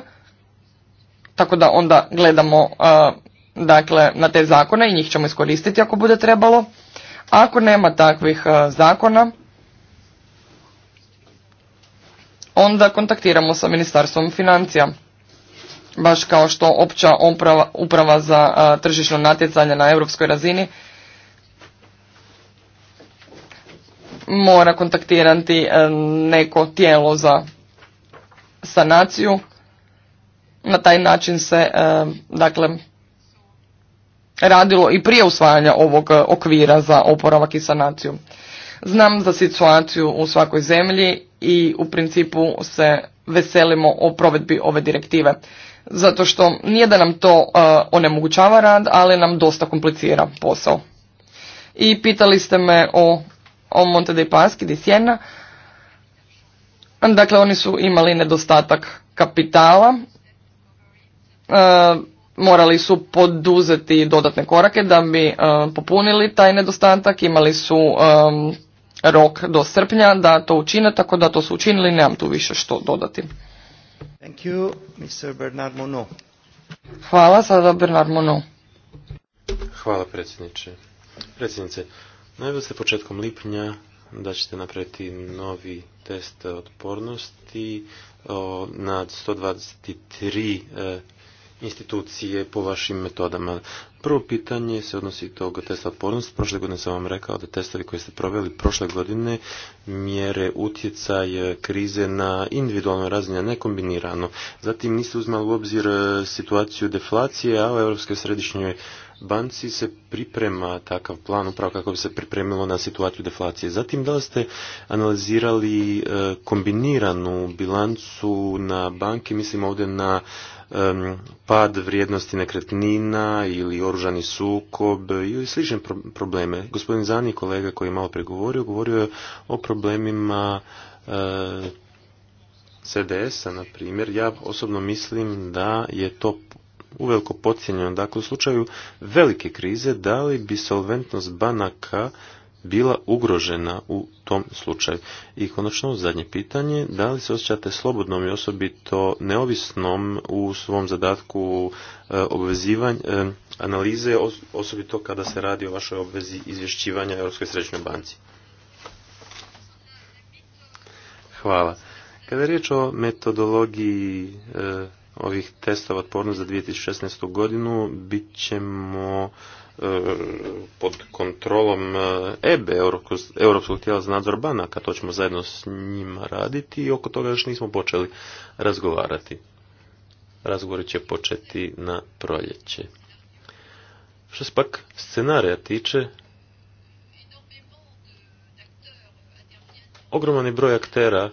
S3: tako da onda gledamo dakle, na te zakone i njih ćemo iskoristiti ako bude trebalo. Ako nema takvih e, zakona, onda kontaktiramo sa Ministarstvom financija. Baš kao što opća uprava, uprava za e, tržišno natjecanje na europskoj razini mora kontaktirati e, neko tijelo za sanaciju. Na taj način se, dakle, radilo i prije usvajanja ovog e, okvira za oporavak i sanaciju. Znam za situaciju u svakoj zemlji i u principu se veselimo o provedbi ove direktive. Zato što nije da nam to e, onemogućava rad, ali nam dosta komplicira posao. I pitali ste me o, o Monte de Paschi di Siena. Dakle, oni su imali nedostatak kapitala. E, morali su poduzeti dodatne korake da bi e, popunili taj nedostatak, imali su e, rok do srpnja da to učine, tako da to su učinili, nemam tu više što dodati. Thank you, Mr. Bernard Monod. Hvala, sada Bernard Monod.
S1: Hvala predsjedniče. Predsjednice, najbolje ste početkom lipnja da ćete napraviti novi test otpornosti na 123 institucije po vašim metodama. Prvo pitanje se odnosi toga testa otpornosti. Prošle godine sam vam rekao da testovi koje ste proveli prošle godine mjere utjecaj krize na individualno razini, a ne kombinirano. Zatim niste uzmali u obzir e, situaciju deflacije, a u Europskoj središnjoj banci se priprema takav plan upravo kako bi se pripremilo na situaciju deflacije. Zatim da li ste analizirali e, kombiniranu bilancu na banke, mislim ovdje na pad vrijednosti nekretnina ili oružani sukob ili slične probleme. Gospodin Zani, kolega koji je malo pregovorio, govorio je o problemima eh, CDS-a, na primjer. Ja osobno mislim da je to uveliko podcijenjeno. Dakle, u slučaju velike krize, da li bi solventnost banaka bila ugrožena u tom slučaju. I konačno zadnje pitanje, da li se osjećate slobodnom i osobito neovisnom u svom zadatku e, obvezivanja e, analize, osobito kada se radi o vašoj obvezi izvješćivanja Europskoj središnjoj banci? Hvala. Kada je riječ o metodologiji e, ovih testova otpornosti za 2016. godinu, bit ćemo pod kontrolom EBE, e e, Europskog tijela za nadzor banaka, to ćemo zajedno s njima raditi i oko toga još nismo počeli razgovarati. Razgovori će početi na proljeće. Što se pak scenarija tiče, ogroman broj aktera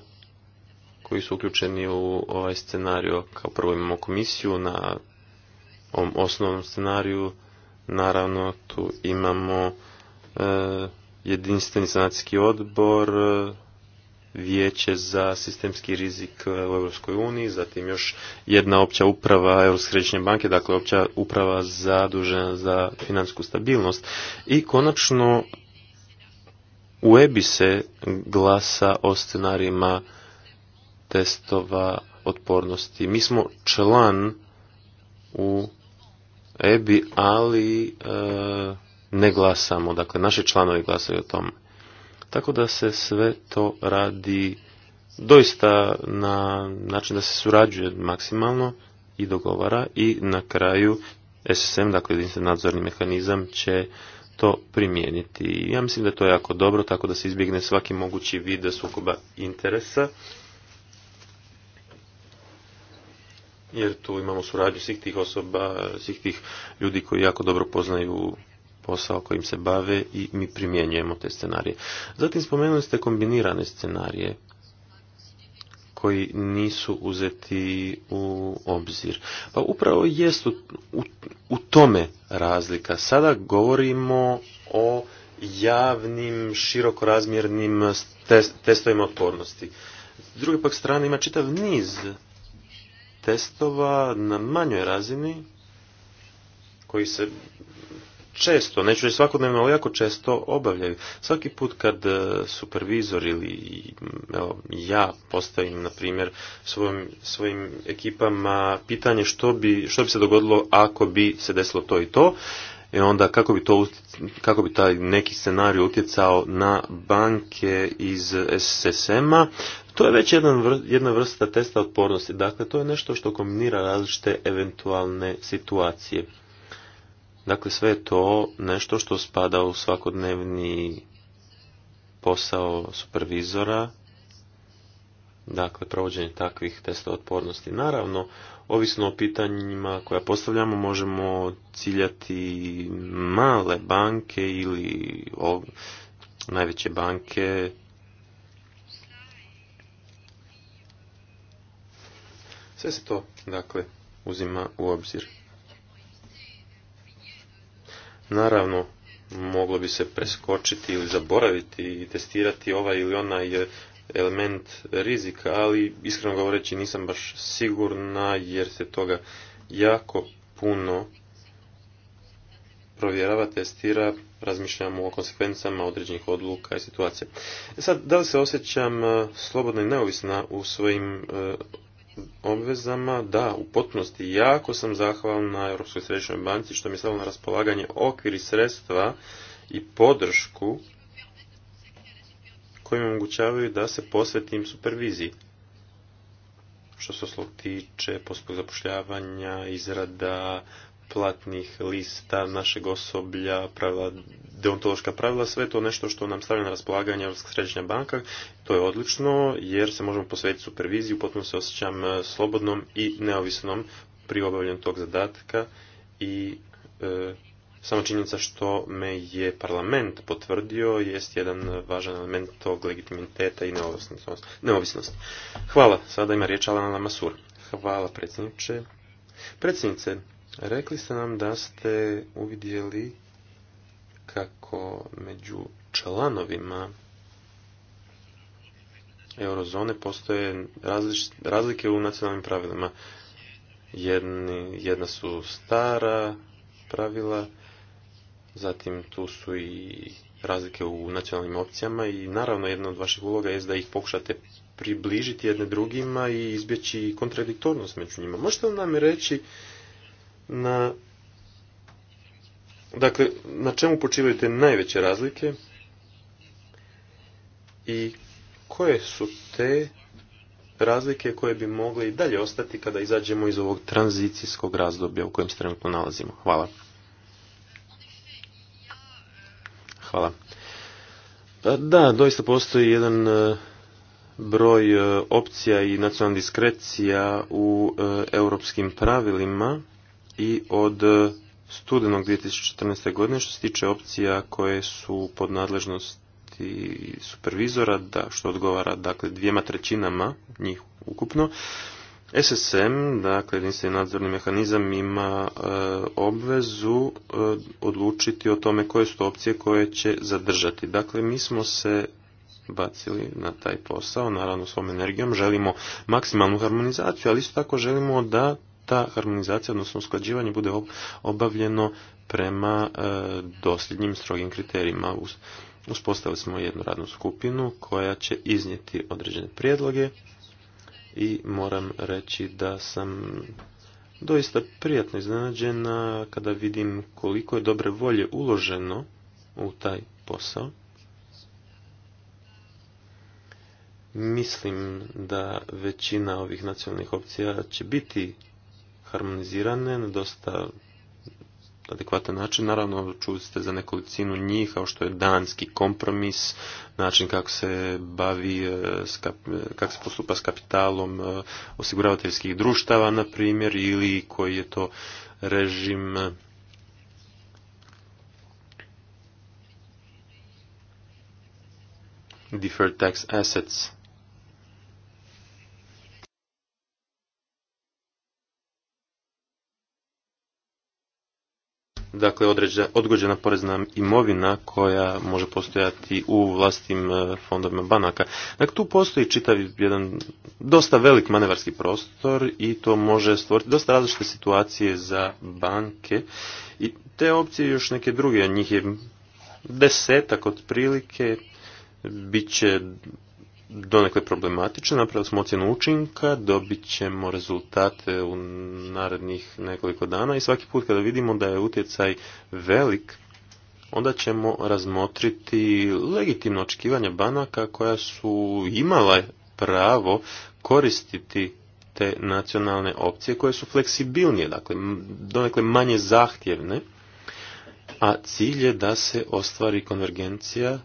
S1: koji su uključeni u ovaj scenario. Kao prvo imamo komisiju na ovom osnovnom scenariju, Naravno, tu imamo e, jedinstveni sanacijski odbor, e, vijeće za sistemski rizik u Europskoj uniji, zatim još jedna opća uprava Europske središnje banke, dakle opća uprava zadužena za financijsku stabilnost. I konačno u EBI se glasa o scenarijima testova otpornosti. Mi smo član u EBI, ali e, ne glasamo, dakle naši članovi glasaju o tome. Tako da se sve to radi doista na način da se surađuje maksimalno i dogovara i na kraju SSM, dakle jedinstveni nadzorni mehanizam, će to primijeniti. Ja mislim da je to jako dobro, tako da se izbjegne svaki mogući vid sukoba interesa jer tu imamo suradnju svih tih osoba, svih tih ljudi koji jako dobro poznaju posao kojim se bave i mi primjenjujemo te scenarije. Zatim spomenuli ste kombinirane scenarije koji nisu uzeti u obzir. Pa upravo jest u, tome razlika. Sada govorimo o javnim, širokorazmjernim testovima otpornosti. S druge pak strane ima čitav niz testova na manjoj razini koji se često, neću reći svakodnevno, ali jako često obavljaju. Svaki put kad e, supervizor ili evo, ja postavim, na primjer, svojim, svojim ekipama pitanje što bi, što bi se dogodilo ako bi se desilo to i to, i e onda kako bi, to, kako bi taj neki scenarij utjecao na banke iz SSM-a, to je već jedna vrsta testa otpornosti, dakle to je nešto što kombinira različite eventualne situacije. Dakle, sve je to nešto što spada u svakodnevni posao supervizora, dakle, provođenje takvih testa otpornosti. Naravno, ovisno o pitanjima koja postavljamo, možemo ciljati male banke ili najveće banke, Sve se to, dakle, uzima u obzir. Naravno, moglo bi se preskočiti ili zaboraviti i testirati ovaj ili onaj element rizika, ali iskreno govoreći nisam baš sigurna jer se toga jako puno provjerava, testira, razmišljamo o konsekvencama određenih odluka i situacija. E sad, da li se osjećam e, slobodno i neovisna u svojim e, obvezama, da, u potpunosti jako sam zahvalna Europskoj središnjoj banci što mi je na raspolaganje okviri sredstva i podršku koji mi omogućavaju da se posvetim superviziji. Što se oslog tiče, poslog zapošljavanja, izrada platnih lista našeg osoblja, pravila, deontološka pravila, sve to nešto što nam stavlja na raspolaganje Europska središnja banka. To je odlično jer se možemo posvetiti superviziju, potpuno se osjećam e, slobodnom i neovisnom pri obavljanju tog zadatka i e, sama činjenica što me je parlament potvrdio jest jedan važan element tog legitimiteta i neovisnosti. Hvala. Sada ima riječ Alana Masur. Hvala predsjedniče. Predsjednice, Rekli ste nam da ste uvidjeli kako među članovima eurozone postoje razlike u nacionalnim pravilima. Jedni, jedna su stara pravila, zatim tu su i razlike u nacionalnim opcijama i naravno jedna od vaših uloga je da ih pokušate približiti jedne drugima i izbjeći kontradiktornost među njima. Možete li nam reći na Dakle, na čemu počivaju te najveće razlike i koje su te razlike koje bi mogle i dalje ostati kada izađemo iz ovog tranzicijskog razdoblja u kojem se trenutno nalazimo. Hvala. Hvala. Pa da, doista postoji jedan e, broj e, opcija i nacionalna diskrecija u e, europskim pravilima i od e, studenog 2014. godine što se tiče opcija koje su pod nadležnosti supervizora, da, što odgovara dakle dvijema trećinama njih ukupno. SSM, dakle jedinstveni nadzorni mehanizam, ima e, obvezu e, odlučiti o tome koje su to opcije koje će zadržati. Dakle, mi smo se bacili na taj posao, naravno svom energijom, želimo maksimalnu harmonizaciju, ali isto tako želimo da ta harmonizacija, odnosno usklađivanje, bude obavljeno prema e, dosljednjim strogim kriterijima. Uspostavili smo jednu radnu skupinu koja će iznijeti određene prijedloge i moram reći da sam doista prijatno iznenađena kada vidim koliko je dobre volje uloženo u taj posao. Mislim da većina ovih nacionalnih opcija će biti harmonizirane na dosta adekvatan način. Naravno, čuli ste za nekolicinu njih, kao što je danski kompromis, način kako se bavi, e, e, kako se postupa s kapitalom e, osiguravateljskih društava, na primjer, ili koji je to režim deferred tax assets dakle odgođena porezna imovina koja može postojati u vlastim e, fondovima banaka. Dakle, tu postoji čitav jedan dosta velik manevarski prostor i to može stvoriti dosta različite situacije za banke i te opcije još neke druge, njih je desetak otprilike, bit će donekle problematičan. Napravili smo ocjenu učinka, dobit ćemo rezultate u narednih nekoliko dana i svaki put kada vidimo da je utjecaj velik, onda ćemo razmotriti legitimno očekivanje banaka koja su imala pravo koristiti te nacionalne opcije koje su fleksibilnije, dakle donekle manje zahtjevne, a cilj je da se ostvari konvergencija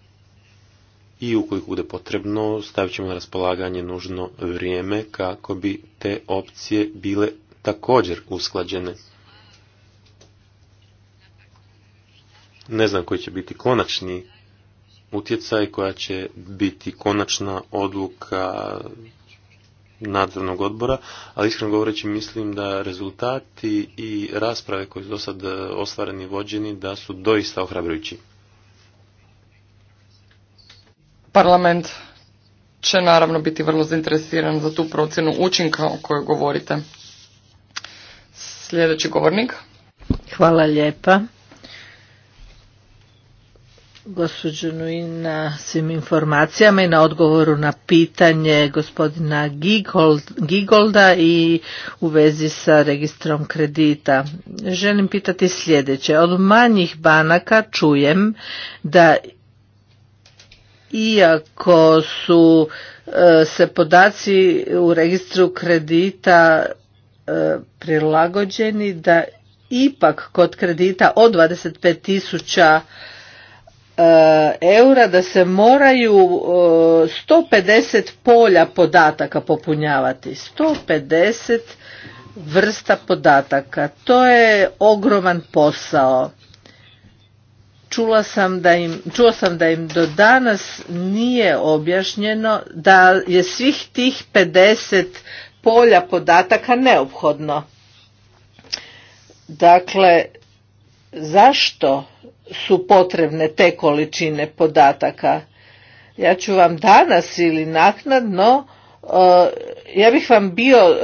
S1: i ukoliko bude potrebno stavit ćemo na raspolaganje nužno vrijeme kako bi te opcije bile također usklađene. Ne znam koji će biti konačni utjecaj, koja će biti konačna odluka nadzornog odbora, ali iskreno govoreći mislim da rezultati i rasprave koji su do sad e, ostvareni vođeni da su doista ohrabrujući.
S3: Parlament će naravno biti vrlo zainteresiran za tu procjenu učinka o kojoj govorite. Sljedeći govornik. Hvala lijepa.
S2: gospođu i na svim informacijama i na odgovoru na pitanje gospodina Gigolda i u vezi sa registrom kredita. Želim pitati sljedeće. Od manjih banaka čujem da iako su e, se podaci u registru kredita e, prilagođeni da ipak kod kredita od 25.000 tisuća e, eura da se moraju 150 polja podataka popunjavati. 150 vrsta podataka. To je ogroman posao. Čula sam da im, čuo sam da im do danas nije objašnjeno da je svih tih 50 polja podataka neophodno. Dakle, zašto su potrebne te količine podataka? Ja ću vam danas ili naknadno ja bih vam bio e,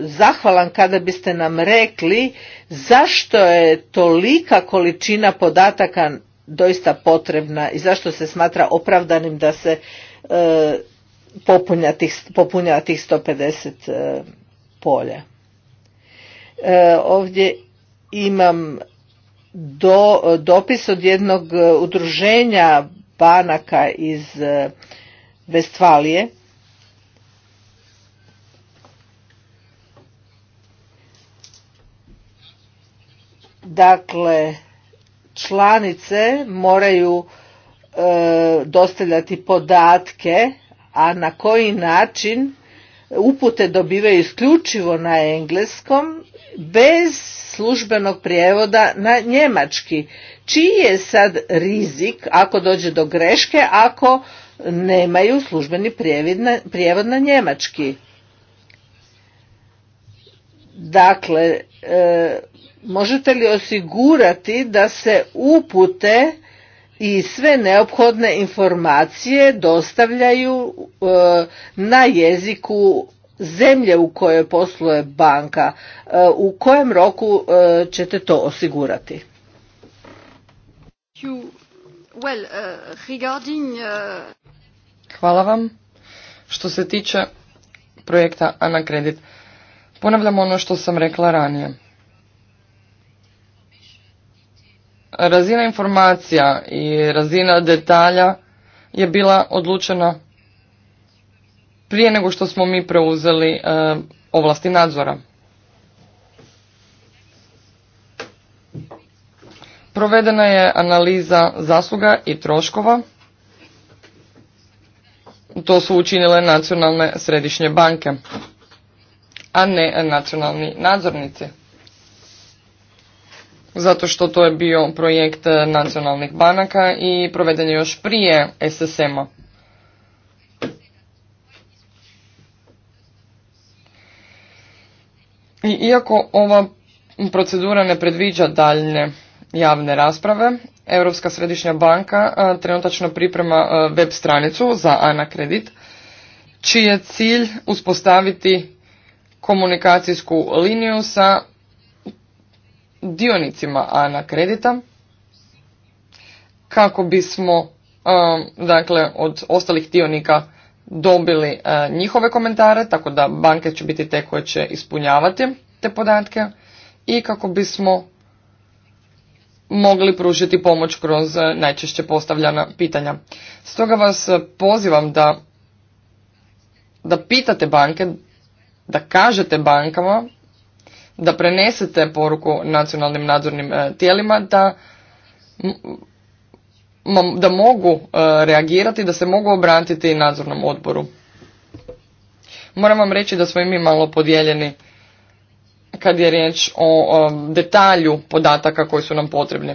S2: zahvalan kada biste nam rekli zašto je tolika količina podataka doista potrebna i zašto se smatra opravdanim da se e, popunja tih, tih 150 e, polja. Ovdje imam dopis od jednog udruženja banaka iz Vestvalije. Dakle, članice moraju e, dostavljati podatke, a na koji način upute dobivaju isključivo na engleskom bez službenog prijevoda na njemački. Čiji je sad rizik ako dođe do greške ako nemaju službeni prijevod na njemački? Dakle, e, Možete li osigurati da se upute i sve neophodne informacije dostavljaju e, na jeziku zemlje u kojoj posluje banka? E, u kojem roku e, ćete to osigurati? Uh, uh,
S3: Hvala vam. Što se tiče projekta Ana ponavljam ono što sam rekla ranije. Razina informacija i razina detalja je bila odlučena prije nego što smo mi preuzeli e, ovlasti nadzora. Provedena je analiza zasluga i troškova. To su učinile nacionalne središnje banke, a ne nacionalni nadzornici zato što to je bio projekt e, nacionalnih banaka i proveden je još prije SSM-a. I iako ova procedura ne predviđa daljne javne rasprave, Europska središnja banka e, trenutačno priprema e, web stranicu za ANA kredit, čiji je cilj uspostaviti komunikacijsku liniju sa dionicima, a na kredita, kako bismo um, dakle, od ostalih dionika dobili uh, njihove komentare, tako da banke će biti te koje će ispunjavati te podatke i kako bismo mogli pružiti pomoć kroz uh, najčešće postavljana pitanja. Stoga vas uh, pozivam da, da pitate banke, da kažete bankama da prenesete poruku nacionalnim nadzornim e, tijelima da da mogu e, reagirati, da se mogu obratiti nadzornom odboru. Moram vam reći da smo i mi malo podijeljeni kad je riječ o detalju podataka koji su nam potrebni.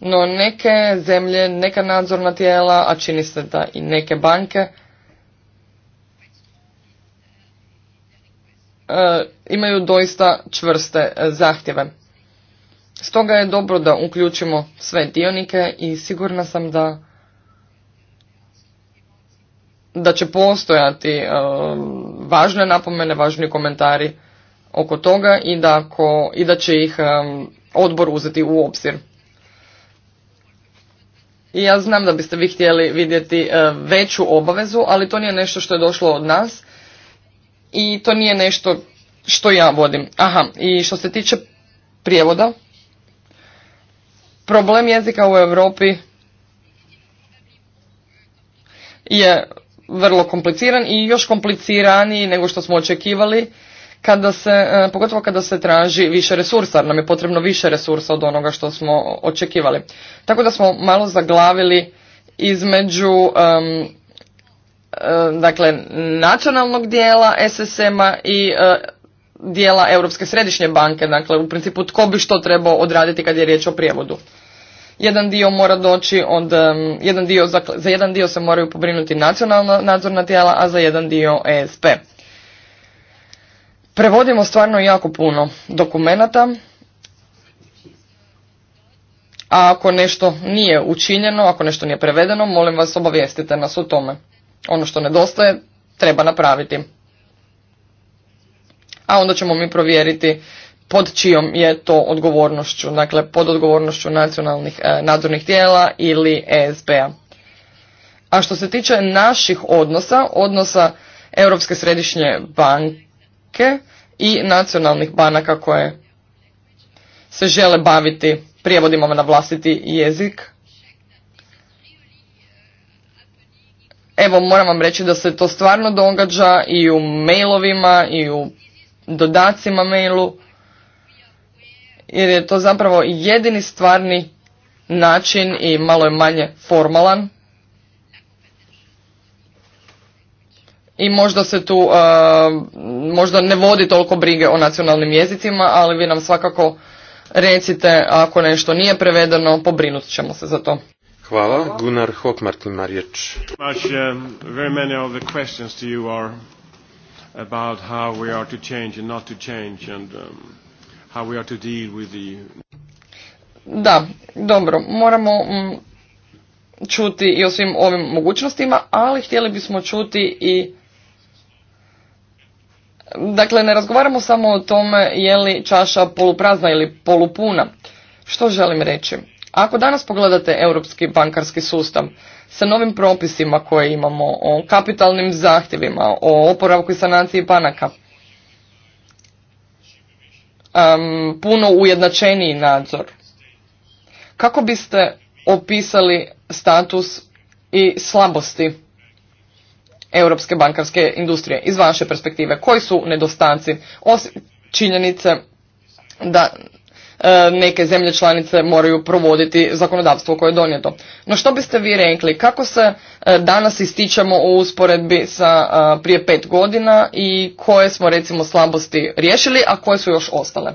S3: No neke zemlje, neka nadzorna tijela, a čini se da i neke banke, E, imaju doista čvrste e, zahtjeve. Stoga je dobro da uključimo sve dionike i sigurna sam da da će postojati e, važne napomene, važni komentari oko toga i da, i da će ih odbor uzeti u obzir. I ja znam da biste vi htjeli vidjeti veću obavezu, ali to nije nešto što je došlo od nas, i to nije nešto što ja vodim. Aha, i što se tiče prijevoda, problem jezika u Europi je vrlo kompliciran i još kompliciraniji nego što smo očekivali kada se, e, pogotovo kada se traži više resursa, nam je potrebno više resursa od onoga što smo očekivali. Tako da smo malo zaglavili između E, dakle nacionalnog dijela SSM-a i e, dijela Europske središnje banke, dakle u principu tko bi što trebao odraditi kad je riječ o prijevodu. Jedan dio mora doći od, e, jedan dio, za, za jedan dio se moraju pobrinuti nacionalna nadzorna tijela, a za jedan dio ESP. Prevodimo stvarno jako puno dokumenata, a ako nešto nije učinjeno, ako nešto nije prevedeno, molim vas obavijestite nas o tome. Ono što nedostaje treba napraviti. A onda ćemo mi provjeriti pod čijom je to odgovornošću, dakle pod odgovornošću nacionalnih e, nadzornih tijela ili ESB-a. P-a. A što se tiče naših odnosa, odnosa Europske središnje banke i nacionalnih banaka koje se žele baviti prijevodima na vlastiti jezik, evo moram vam reći da se to stvarno događa i u mailovima i u dodacima mailu jer je to zapravo jedini stvarni način i malo je manje formalan i možda se tu možda ne vodi toliko brige o nacionalnim jezicima ali vi nam svakako recite ako nešto nije prevedeno pobrinut ćemo se za to Hvala.
S1: Gunnar Hockmart ima riječ. Um, very many of the questions to you are about how we are to change and not to change and um, how we are to deal with the...
S3: Da, dobro. Moramo mm, čuti i o svim ovim mogućnostima, ali htjeli bismo čuti i Dakle, ne razgovaramo samo o tome je li čaša poluprazna ili polupuna. Što želim reći? Ako danas pogledate europski bankarski sustav sa novim propisima koje imamo o kapitalnim zahtjevima, o oporavku i sanaciji banaka, um, puno ujednačeniji nadzor, kako biste opisali status i slabosti europske bankarske industrije iz vaše perspektive? Koji su nedostanci, osim činjenice da E, neke zemlje članice moraju provoditi zakonodavstvo koje je donijeto. No što biste vi rekli, kako se e, danas ističemo u usporedbi sa e, prije pet godina i koje smo recimo slabosti riješili, a koje su još ostale?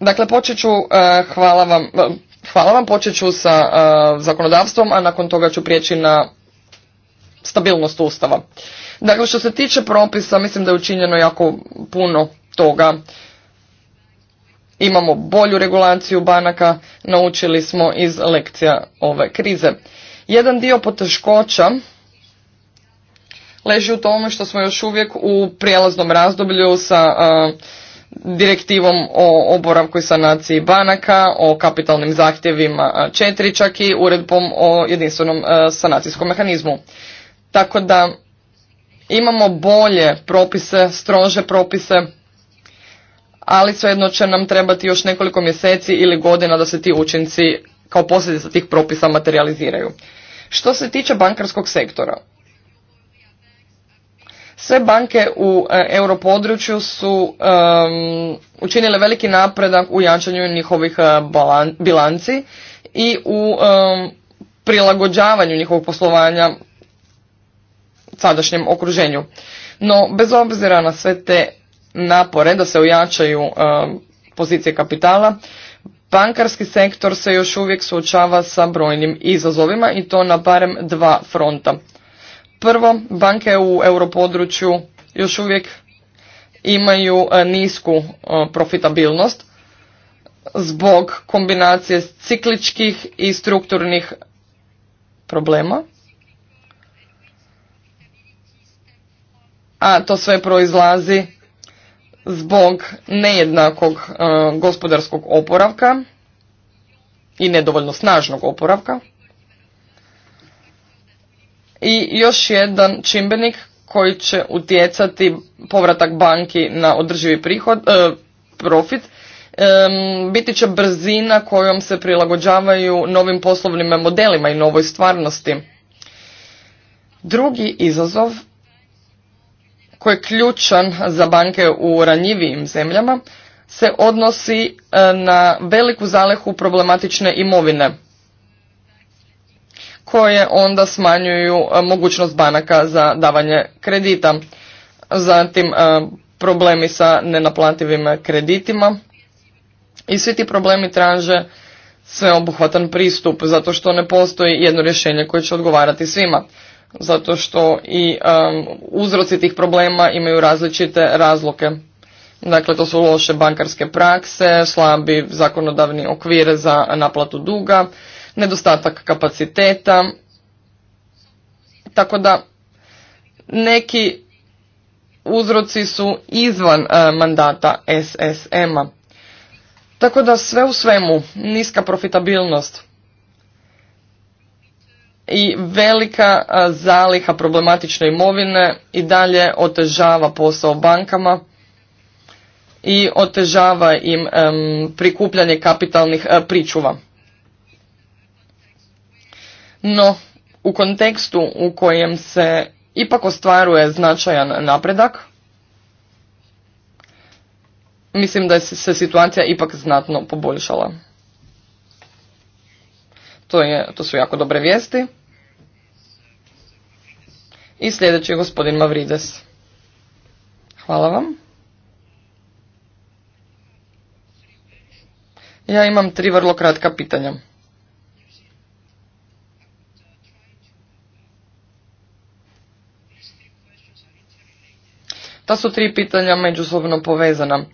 S3: Dakle, počet ću, hvala vam, hvala vam, počet ću sa zakonodavstvom, a nakon toga ću prijeći na stabilnost ustava. Dakle, što se tiče propisa, mislim da je učinjeno jako puno toga imamo bolju regulaciju banaka, naučili smo iz lekcija ove krize. Jedan dio poteškoća leži u tome što smo još uvijek u prijelaznom razdoblju sa direktivom o oboravku i sanaciji banaka, o kapitalnim zahtjevima četiri čak i uredbom o jedinstvenom sanacijskom mehanizmu. Tako da imamo bolje propise, strože propise, ali svejedno će nam trebati još nekoliko mjeseci ili godina da se ti učinci kao posljedica tih propisa materializiraju. Što se tiče bankarskog sektora, sve banke u e, europodručju su učinile veliki napredak u jačanju njihovih e, bilanci i u prilagođavanju njihovog poslovanja sadašnjem okruženju. No, bez obzira na sve te napore da se ojačaju e, pozicije kapitala, bankarski sektor se još uvijek suočava sa brojnim izazovima i to na barem dva fronta. Prvo, banke u europodručju još uvijek imaju e, nisku e, profitabilnost zbog kombinacije cikličkih i strukturnih problema. A to sve proizlazi zbog nejednakog e, gospodarskog oporavka i nedovoljno snažnog oporavka. I još jedan čimbenik koji će utjecati povratak banki na održivi prihod, e, profit, e, biti će brzina kojom se prilagođavaju novim poslovnim modelima i novoj stvarnosti. Drugi izazov koji je ključan za banke u ranjivijim zemljama se odnosi e, na veliku zalehu problematične imovine koje onda smanjuju e, mogućnost banaka za davanje kredita. Zatim e, problemi sa nenaplativim kreditima i svi ti problemi traže sveobuhvatan pristup zato što ne postoji jedno rješenje koje će odgovarati svima zato što i uzroci tih problema imaju različite razloge. Dakle, to su loše bankarske prakse, slabi zakonodavni okvir za naplatu duga, nedostatak kapaciteta. Tako da neki uzroci su izvan e, mandata SSM-a. Tako da sve u svemu niska profitabilnost i velika zaliha problematične imovine i dalje otežava posao bankama i otežava im prikupljanje kapitalnih e, pričuva. No, u kontekstu u kojem se ipak ostvaruje značajan napredak, mislim da se situacija ipak znatno poboljšala. To, je, to su jako dobre vijesti. I sljedeći je gospodin Mavrides. Hvala vam. Ja imam tri vrlo kratka pitanja. Ta su tri pitanja međusobno povezana,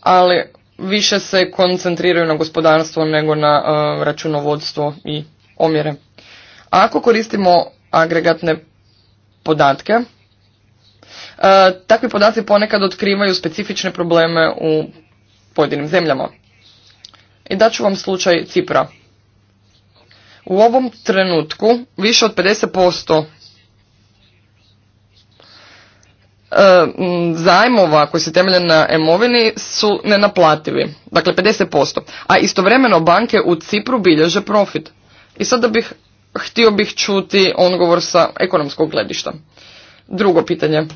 S3: ali više se koncentriraju na gospodarstvo nego na e, računovodstvo i omjere. A ako koristimo agregatne podatke. E, takvi podaci ponekad otkrivaju specifične probleme u pojedinim zemljama. I daću vam slučaj Cipra. U ovom trenutku više od 50% e, zajmova koji se temelje na emovini su nenaplativi. Dakle, 50%. A istovremeno banke u Cipru bilježe profit. I sada bih htio bih čuti odgovor sa ekonomskog gledišta. Drugo pitanje.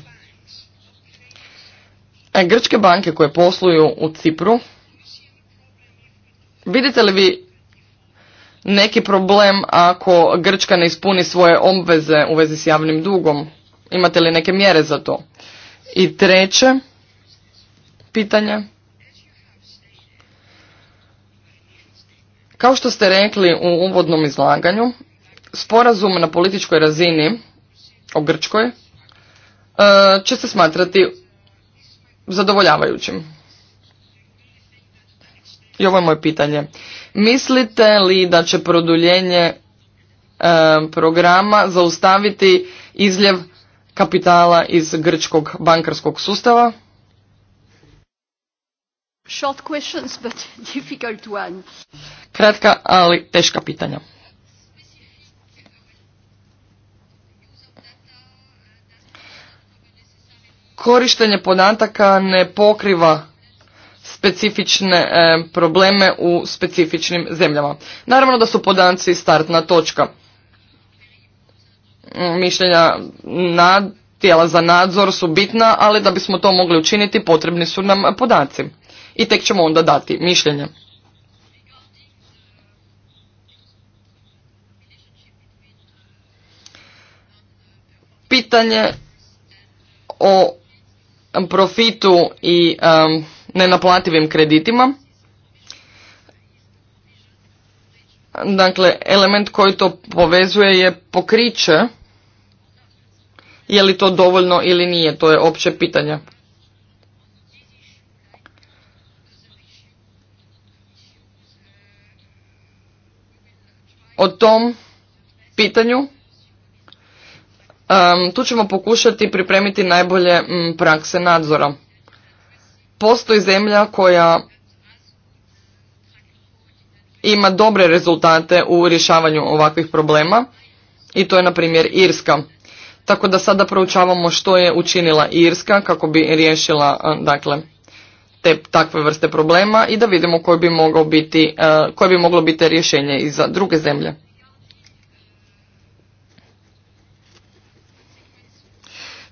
S3: E, grčke banke koje posluju u Cipru, vidite li vi neki problem ako Grčka ne ispuni svoje obveze u vezi s javnim dugom? Imate li neke mjere za to? I treće pitanje. Kao što ste rekli u uvodnom izlaganju, sporazum na političkoj razini o Grčkoj e, će se smatrati zadovoljavajućim. I ovo je moje pitanje. Mislite li da će produljenje e, programa zaustaviti izljev kapitala iz grčkog bankarskog sustava? Kratka, ali teška pitanja. korištenje podataka ne pokriva specifične e, probleme u specifičnim zemljama. Naravno da su podaci startna točka. Mm, mišljenja na tijela za nadzor su bitna, ali da bismo to mogli učiniti potrebni su nam podaci. I tek ćemo onda dati mišljenje. Pitanje o profitu i um, nenaplativim kreditima. Dakle, element koji to povezuje je pokriće. Je li to dovoljno ili nije, to je opće pitanje. O tom pitanju tu ćemo pokušati pripremiti najbolje mm, prakse nadzora. Postoji zemlja koja ima dobre rezultate u rješavanju ovakvih problema i to je na primjer Irska. Tako da sada proučavamo što je učinila Irska kako bi riješila e, dakle te takve vrste problema i da vidimo koje bi mogao biti e, koje bi moglo biti rješenje i za druge zemlje.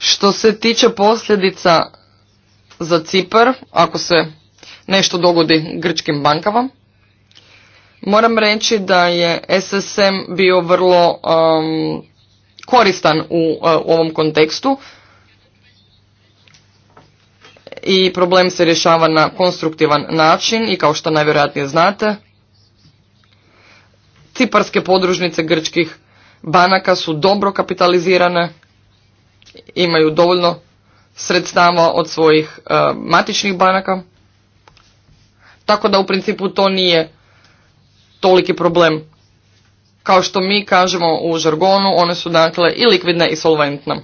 S3: Što se tiče posljedica za Cipar, ako se nešto dogodi grčkim bankama, moram reći da je SSM bio vrlo um, koristan u, uh, u ovom kontekstu i problem se rješava na konstruktivan način i kao što najvjerojatnije znate, ciparske podružnice grčkih banaka su dobro kapitalizirane imaju dovoljno sredstava od svojih eh, matičnih banaka. Tako da u principu to nije toliki problem. Kao što mi kažemo u žargonu, one su dakle i likvidne i solventne.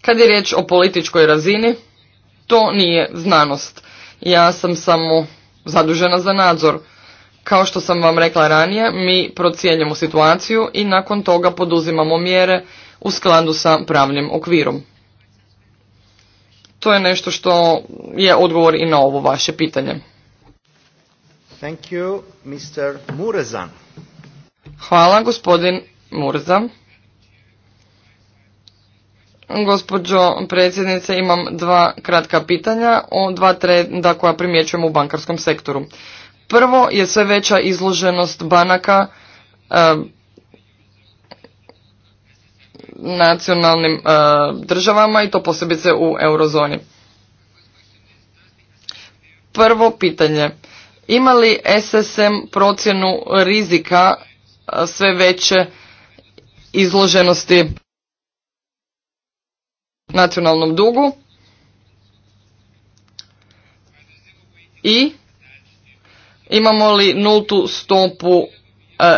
S3: Kad je riječ o političkoj razini, to nije znanost. Ja sam samo zadužena za nadzor. Kao što sam vam rekla ranije, mi procijenjamo situaciju i nakon toga poduzimamo mjere u skladu sa pravnim okvirom. To je nešto što je odgovor i na ovo vaše pitanje.
S1: Thank you,
S3: Mr. Hvala, gospodin Murza. Gospođo predsjednice, imam dva kratka pitanja o dva trenda koja primjećujemo u bankarskom sektoru. Prvo je sve veća izloženost banaka eh, nacionalnim eh, državama i to posebice u eurozoni. Prvo pitanje. Ima li SSM procjenu rizika eh, sve veće izloženosti nacionalnom dugu? I Imamo li nultu stopu e,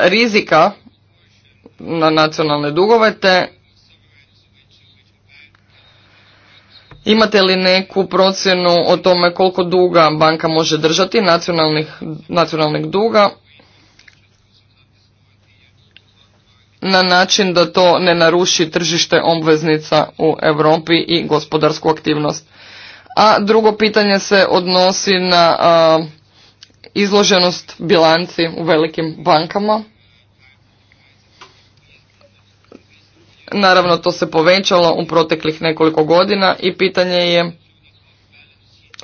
S3: rizika na nacionalne dugove te Imate li neku procjenu o tome koliko duga banka može držati nacionalnih, duga na način da to ne naruši tržište obveznica u Europi i gospodarsku aktivnost? A drugo pitanje se odnosi na izloženost bilanci u velikim bankama. Naravno, to se povećalo u proteklih nekoliko godina i pitanje je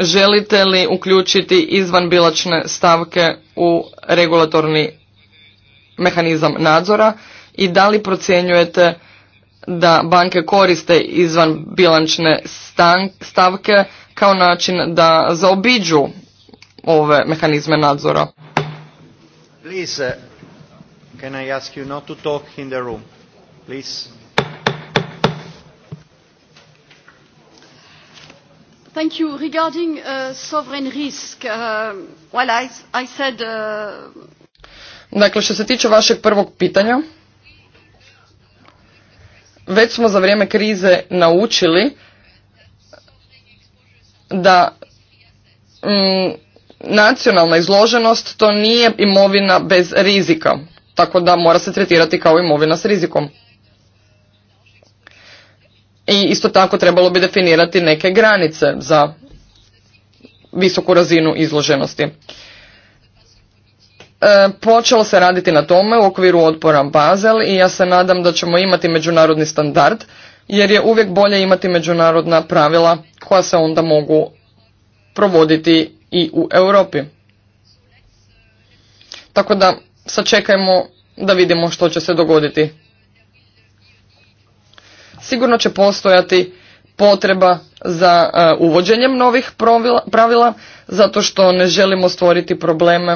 S3: želite li uključiti izvanbilačne stavke u regulatorni mehanizam nadzora i da li procjenjujete da banke koriste izvanbilančne stavke kao način da zaobiđu ove mehanizme nadzora.
S2: Please, uh, can I ask you not to talk in the room? Please. Thank you. Regarding uh, sovereign risk, uh, well, I, I said... Uh...
S3: Dakle, što se tiče vašeg prvog pitanja, već smo za vrijeme krize naučili da mm, nacionalna izloženost to nije imovina bez rizika, tako da mora se tretirati kao imovina s rizikom. I isto tako trebalo bi definirati neke granice za visoku razinu izloženosti. E, počelo se raditi na tome u okviru odpora Bazel i ja se nadam da ćemo imati međunarodni standard jer je uvijek bolje imati međunarodna pravila koja se onda mogu provoditi i u Europi. Tako da sačekajmo da vidimo što će se dogoditi. Sigurno će postojati potreba za uh, uvođenjem novih pravila zato što ne želimo stvoriti probleme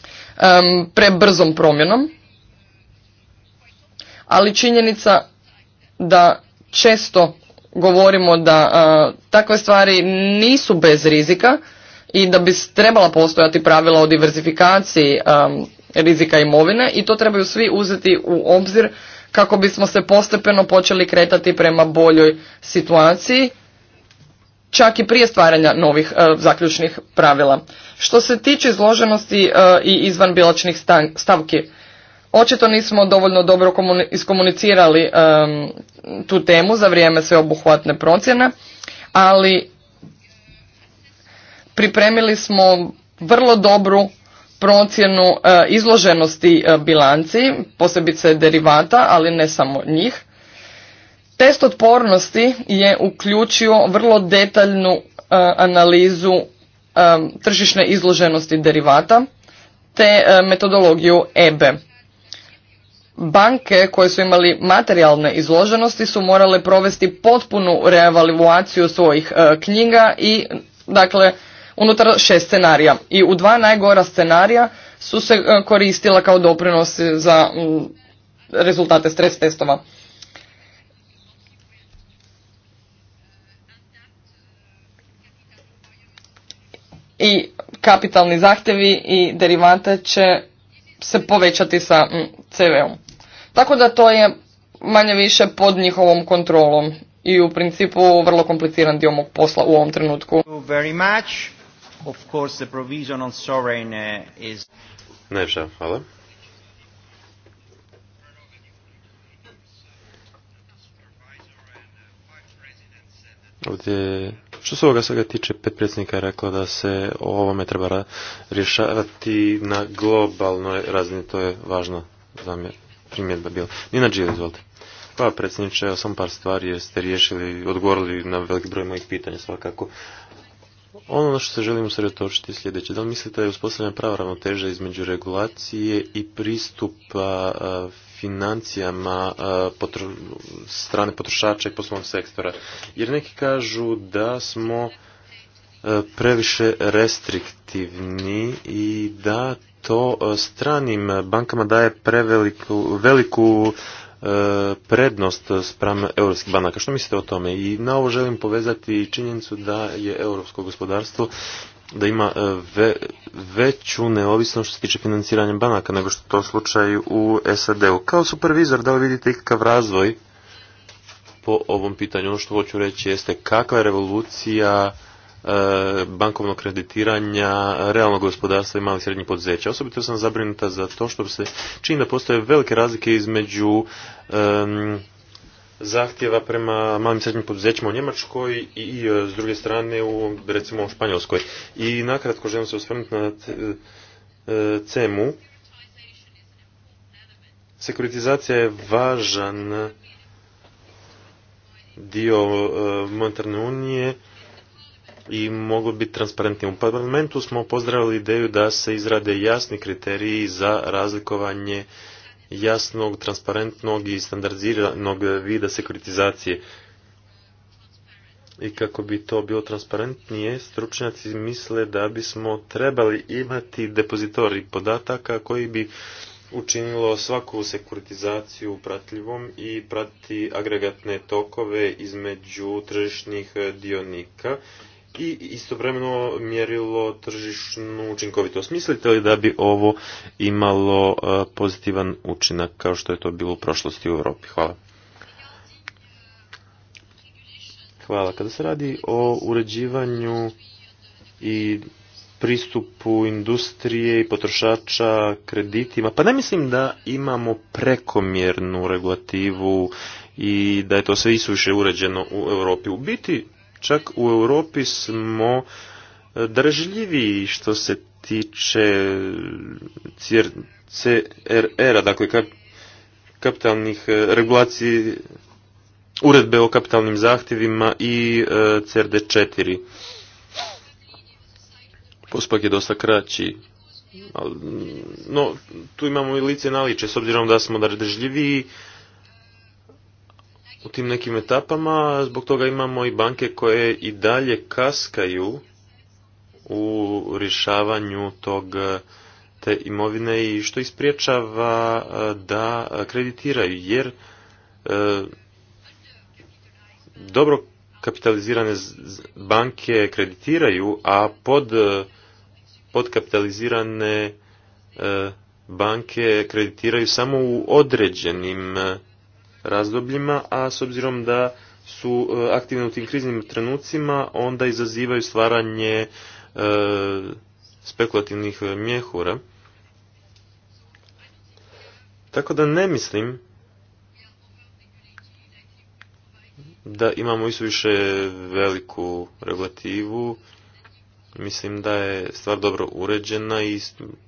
S3: um, prebrzom promjenom. Ali činjenica da često govorimo da takve stvari nisu bez rizika i da bi trebala postojati pravila o diversifikaciji rizika imovine i to trebaju svi uzeti u obzir kako bismo se postepeno počeli kretati prema boljoj situaciji čak i prije stvaranja novih zaključnih pravila. Što se tiče izloženosti e, i izvanbilačnih stavki, Očito nismo dovoljno dobro iskomunicirali tu temu za vrijeme sveobuhvatne procjene, ali pripremili smo vrlo dobru procjenu e, izloženosti e, bilanci, posebice derivata, ali ne samo njih. Test otpornosti je uključio vrlo detaljnu e, analizu tržišne izloženosti derivata te metodologiju EBE banke koje su imali materijalne izloženosti su morale provesti potpunu reavaluaciju svojih e, knjiga i dakle unutar šest scenarija i u dva najgora scenarija su se e, koristila kao doprinos za rezultate stres testova i kapitalni zahtjevi i derivate će se povećati sa CV-om. Tako da to je manje više pod njihovom kontrolom i u principu vrlo kompliciran dio mog posla u ovom trenutku. Uh,
S1: Najviše, hvala. Ovdje, što se ovoga svega tiče, pet predsjednika je rekla da se o ovome treba rješavati na globalnoj razini, to je važno za mene primjedba bila. Nina izvolite. Pa, predsjedniče, sam par stvari jer ste riješili, odgovorili na veliki broj mojih pitanja svakako. Ono na što se želimo usredotočiti je sljedeće. Da li mislite da je uspostavljena prava ravnoteža između regulacije i pristupa financijama strane potrošača i poslovnog sektora? Jer neki kažu da smo E, previše restriktivni i da to e, stranim bankama daje preveliku veliku e, prednost spram europskih banaka. Što mislite o tome? I na ovo želim povezati činjenicu da je europsko gospodarstvo da ima veću neovisnost što se tiče financiranja banaka nego što je to slučaj u SAD-u. Kao supervizor, da li vidite ikakav razvoj po ovom pitanju? Ono što hoću reći jeste kakva je revolucija E, bankovnog kreditiranja realnog gospodarstva i malih srednjih poduzeća. Osobito sam zabrinuta za to što se čini da postoje velike razlike između zahtjeva prema malim srednjim poduzećima u Njemačkoj i e, s druge strane u recimo u Španjolskoj. I nakratko želim se osvrnuti na e, CEMU. Sekuritizacija je važan dio monetarne unije i mogu biti transparentni. U parlamentu smo pozdravili ideju da se izrade jasni kriteriji za razlikovanje jasnog, transparentnog i standardiziranog vida sekuritizacije. I kako bi to bilo transparentnije, stručnjaci misle da bismo trebali imati depozitori podataka koji bi učinilo svaku sekuritizaciju pratljivom i prati agregatne tokove između tržišnih dionika i istovremeno mjerilo tržišnu učinkovitost. Mislite li da bi ovo imalo e, pozitivan učinak kao što je to bilo u prošlosti u Europi? Hvala. Hvala. Kada se radi o uređivanju i pristupu industrije i potrošača kreditima, pa ne mislim da imamo prekomjernu regulativu i da je to sve isuviše uređeno u Europi. U biti čak u Europi smo e, držljiviji što se tiče e, CRR-a, dakle kapitalnih e, regulaciji uredbe o kapitalnim zahtjevima i CRD4. Postupak je dosta kraći. No, tu imamo i lice naliče, s obzirom da smo držljiviji, u tim nekim etapama, zbog toga imamo i banke koje i dalje kaskaju u rješavanju tog te imovine i što ispriječava e, da kreditiraju, jer e, dobro kapitalizirane banke kreditiraju, a pod e, podkapitalizirane banke kreditiraju samo u određenim razdobljima, a s obzirom da su e, aktivne u tim kriznim trenucima, onda izazivaju stvaranje e, spekulativnih e, mjehura. Tako da ne mislim da imamo više veliku regulativu. Mislim da je stvar dobro uređena i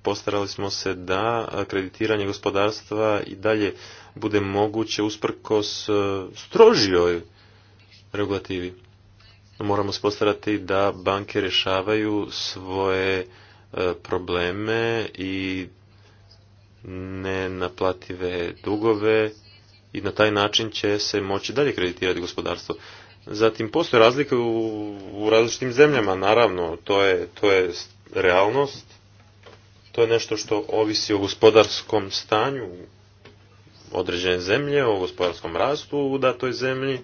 S1: postarali smo se da kreditiranje gospodarstva i dalje bude moguće usprkos e, strožijoj regulativi. Moramo spostarati da banke rješavaju svoje e, probleme i nenaplative dugove i na taj način će se moći dalje kreditirati gospodarstvo. Zatim postoje razlike u, u različitim zemljama, naravno, to je, to je realnost, to je nešto što ovisi o gospodarskom stanju određene zemlje, o gospodarskom rastu u datoj zemlji.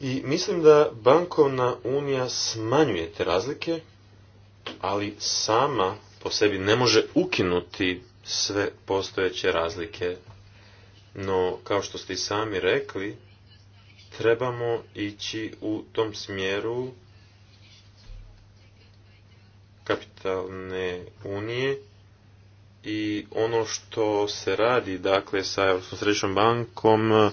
S1: I mislim da bankovna unija smanjuje te razlike, ali sama po sebi ne može ukinuti sve postojeće razlike. No, kao što ste i sami rekli, trebamo ići u tom smjeru kapitalne unije i ono što se radi dakle sa Europskom središnjom bankom, e,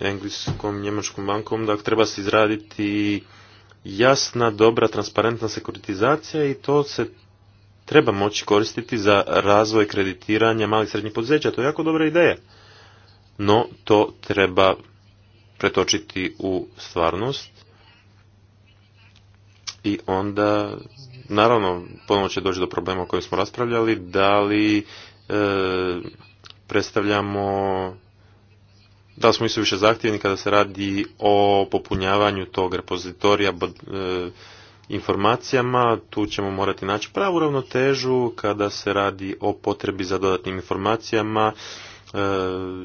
S1: engleskom, njemačkom bankom, dakle treba se izraditi jasna, dobra, transparentna sekuritizacija i to se treba moći koristiti za razvoj kreditiranja malih i srednjih poduzeća. To je jako dobra ideja. No, to treba pretočiti u stvarnost i onda Naravno, ponovno će doći do problema o kojem smo raspravljali, da li e, predstavljamo da smo isto više zahtjevni kada se radi o popunjavanju tog repozitorija e, informacijama, tu ćemo morati naći pravu ravnotežu kada se radi o potrebi za dodatnim informacijama E,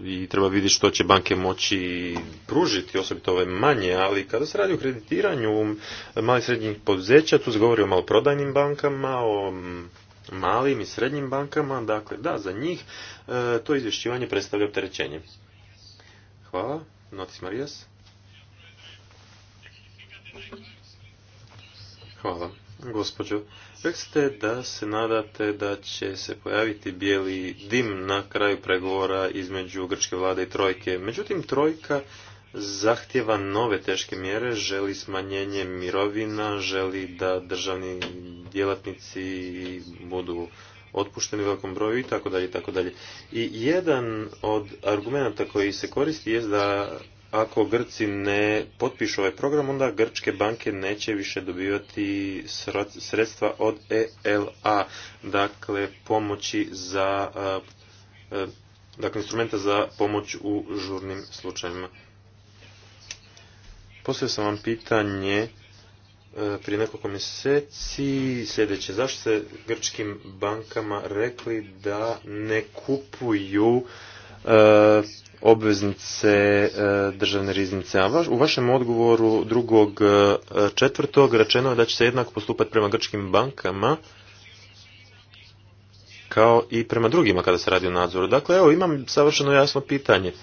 S1: i treba vidjeti što će banke moći pružiti, osobito ove manje, ali kada se radi o kreditiranju malih srednjih poduzeća, tu se govori o maloprodajnim bankama, o malim i srednjim bankama, dakle da, za njih e, to izvješćivanje predstavlja opterećenje. Hvala, Notis Marijas. Hvala, gospođo Rekli da se nadate da će se pojaviti bijeli dim na kraju pregovora između grčke vlade i trojke. Međutim, trojka zahtjeva nove teške mjere, želi smanjenje mirovina, želi da državni djelatnici budu otpušteni u velikom broju i tako i tako dalje. I jedan od argumenta koji se koristi je da ako Grci ne potpišu ovaj program, onda grčke banke neće više dobivati sredstva od ELA, dakle pomoći za dakle instrumenta za pomoć u žurnim slučajevima. Poslije sam vam pitanje e, prije nekoliko mjeseci sljedeće. Zašto se grčkim bankama rekli da ne kupuju e, obveznice e, državne riznice. A u vašem odgovoru drugog e, četvrtog rečeno je da će se jednako postupati prema grčkim bankama kao i prema drugima kada se radi o nadzoru. Dakle, evo, imam savršeno jasno pitanje.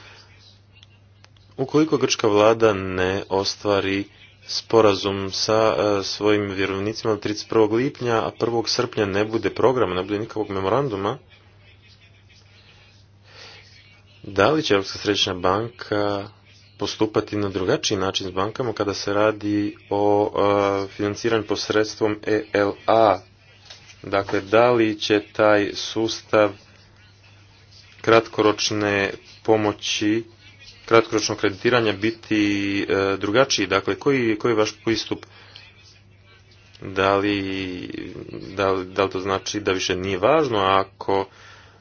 S1: Ukoliko grčka vlada ne ostvari sporazum sa e, svojim vjerovnicima 31. lipnja, a 1. srpnja ne bude programa, ne bude nikakvog memoranduma, da li će Europska središnja banka postupati na drugačiji način s bankama kada se radi o e, financiranju posredstvom ELA? Dakle, da li će taj sustav kratkoročne pomoći, kratkoročnog kreditiranja biti e, drugačiji? Dakle, koji, koji je vaš pristup? Da li, da li to znači da više nije važno ako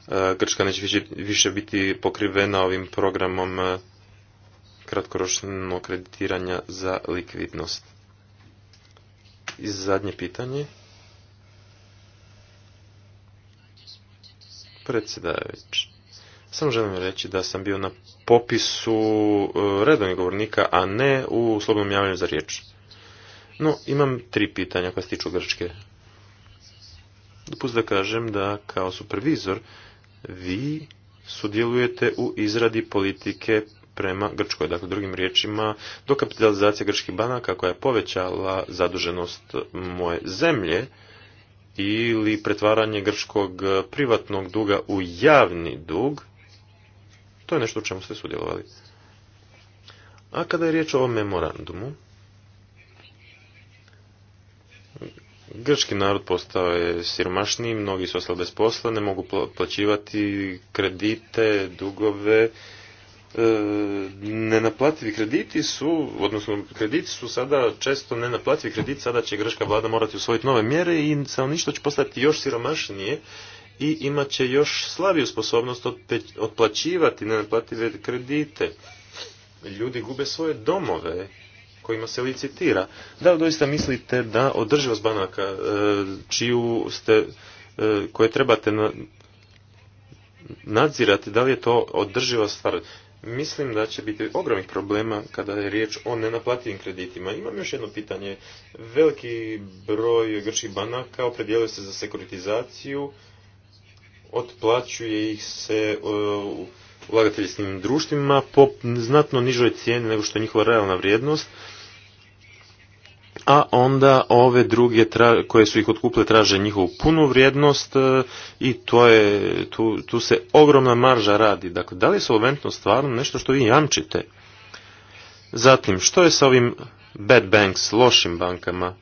S1: E, Grčka neće više, više biti pokrivena ovim programom e, kratkoročnog kreditiranja za likvidnost. I zadnje pitanje. Predsjedavajući. Samo želim reći da sam bio na popisu e, redovnih govornika, a ne u slobodnom javljanju za riječ. No, imam tri pitanja koja se tiču Grčke. Dopust da kažem da kao supervizor vi sudjelujete u izradi politike prema Grčkoj. Dakle, drugim riječima, dokapitalizacija grčkih banaka koja je povećala zaduženost moje zemlje ili pretvaranje grčkog privatnog duga u javni dug, to je nešto u čemu ste sudjelovali. A kada je riječ o memorandumu, Grčki narod postao je siromašniji, mnogi su ostali bez posla, ne mogu plaćivati kredite, dugove. E, nenaplativi krediti su, odnosno krediti su sada često nenaplativi krediti, sada će Grška vlada morati usvojiti nove mjere i ništa će postati još siromašnije i imat će još slabiju sposobnost otplaćivati nenaplative kredite. Ljudi gube svoje domove kojima se licitira. Da li doista mislite da održivost banaka e, čiju ste, e, koje trebate nadzirati, da li je to održiva stvar? Mislim da će biti ogromnih problema kada je riječ o nenaplativim kreditima. Imam još jedno pitanje. Veliki broj grčkih banaka opredijelio se za sekuritizaciju, otplaćuje ih se e, ulagateljskim društvima po znatno nižoj cijeni nego što je njihova realna vrijednost a onda ove druge koje su ih otkupile traže njihovu punu vrijednost e, i to je, tu, tu se ogromna marža radi. Dakle, da li je solventnost stvarno nešto što vi jamčite? Zatim, što je sa ovim bad banks, lošim bankama?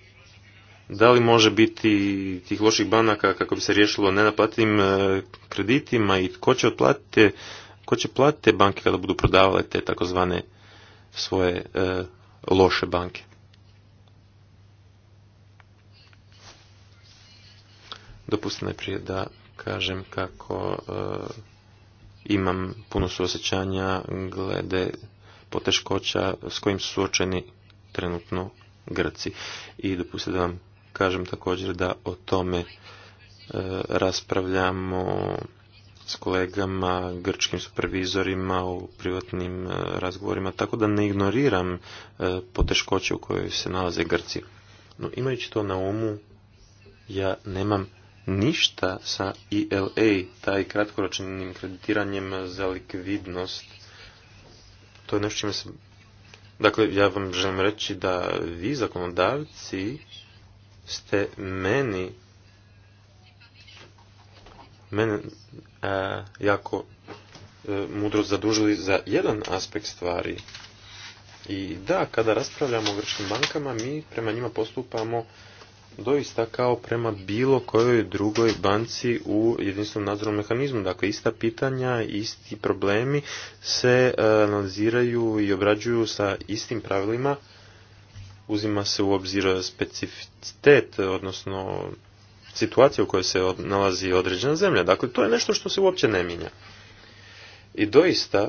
S1: Da li može biti tih loših banaka kako bi se riješilo nenaplativim e, kreditima i tko će otplatiti, tko će platiti banke kada budu prodavale te takozvane svoje e, loše banke? Dopustite najprije da kažem kako e, imam puno suosjećanja glede poteškoća s kojim su suočeni trenutno Grci. I dopustite da vam kažem također da o tome e, raspravljamo s kolegama, grčkim supervizorima, u privatnim e, razgovorima, tako da ne ignoriram poteškoće u kojoj se nalaze Grci. No, imajući to na umu, ja nemam ništa sa ILA, e taj kratkoročnim kreditiranjem za likvidnost. To je nešto čime se... Dakle, ja vam želim reći da vi, zakonodavci, ste meni mene e, jako e, mudro zadužili za jedan aspekt stvari. I da, kada raspravljamo o grčkim bankama, mi prema njima postupamo doista kao prema bilo kojoj drugoj banci u jedinstvenom nadzornom mehanizmu. Dakle, ista pitanja, isti problemi se e, analiziraju i obrađuju sa istim pravilima. Uzima se u obzir specificitet, odnosno situacija u kojoj se nalazi određena zemlja. Dakle, to je nešto što se uopće ne mijenja. I doista,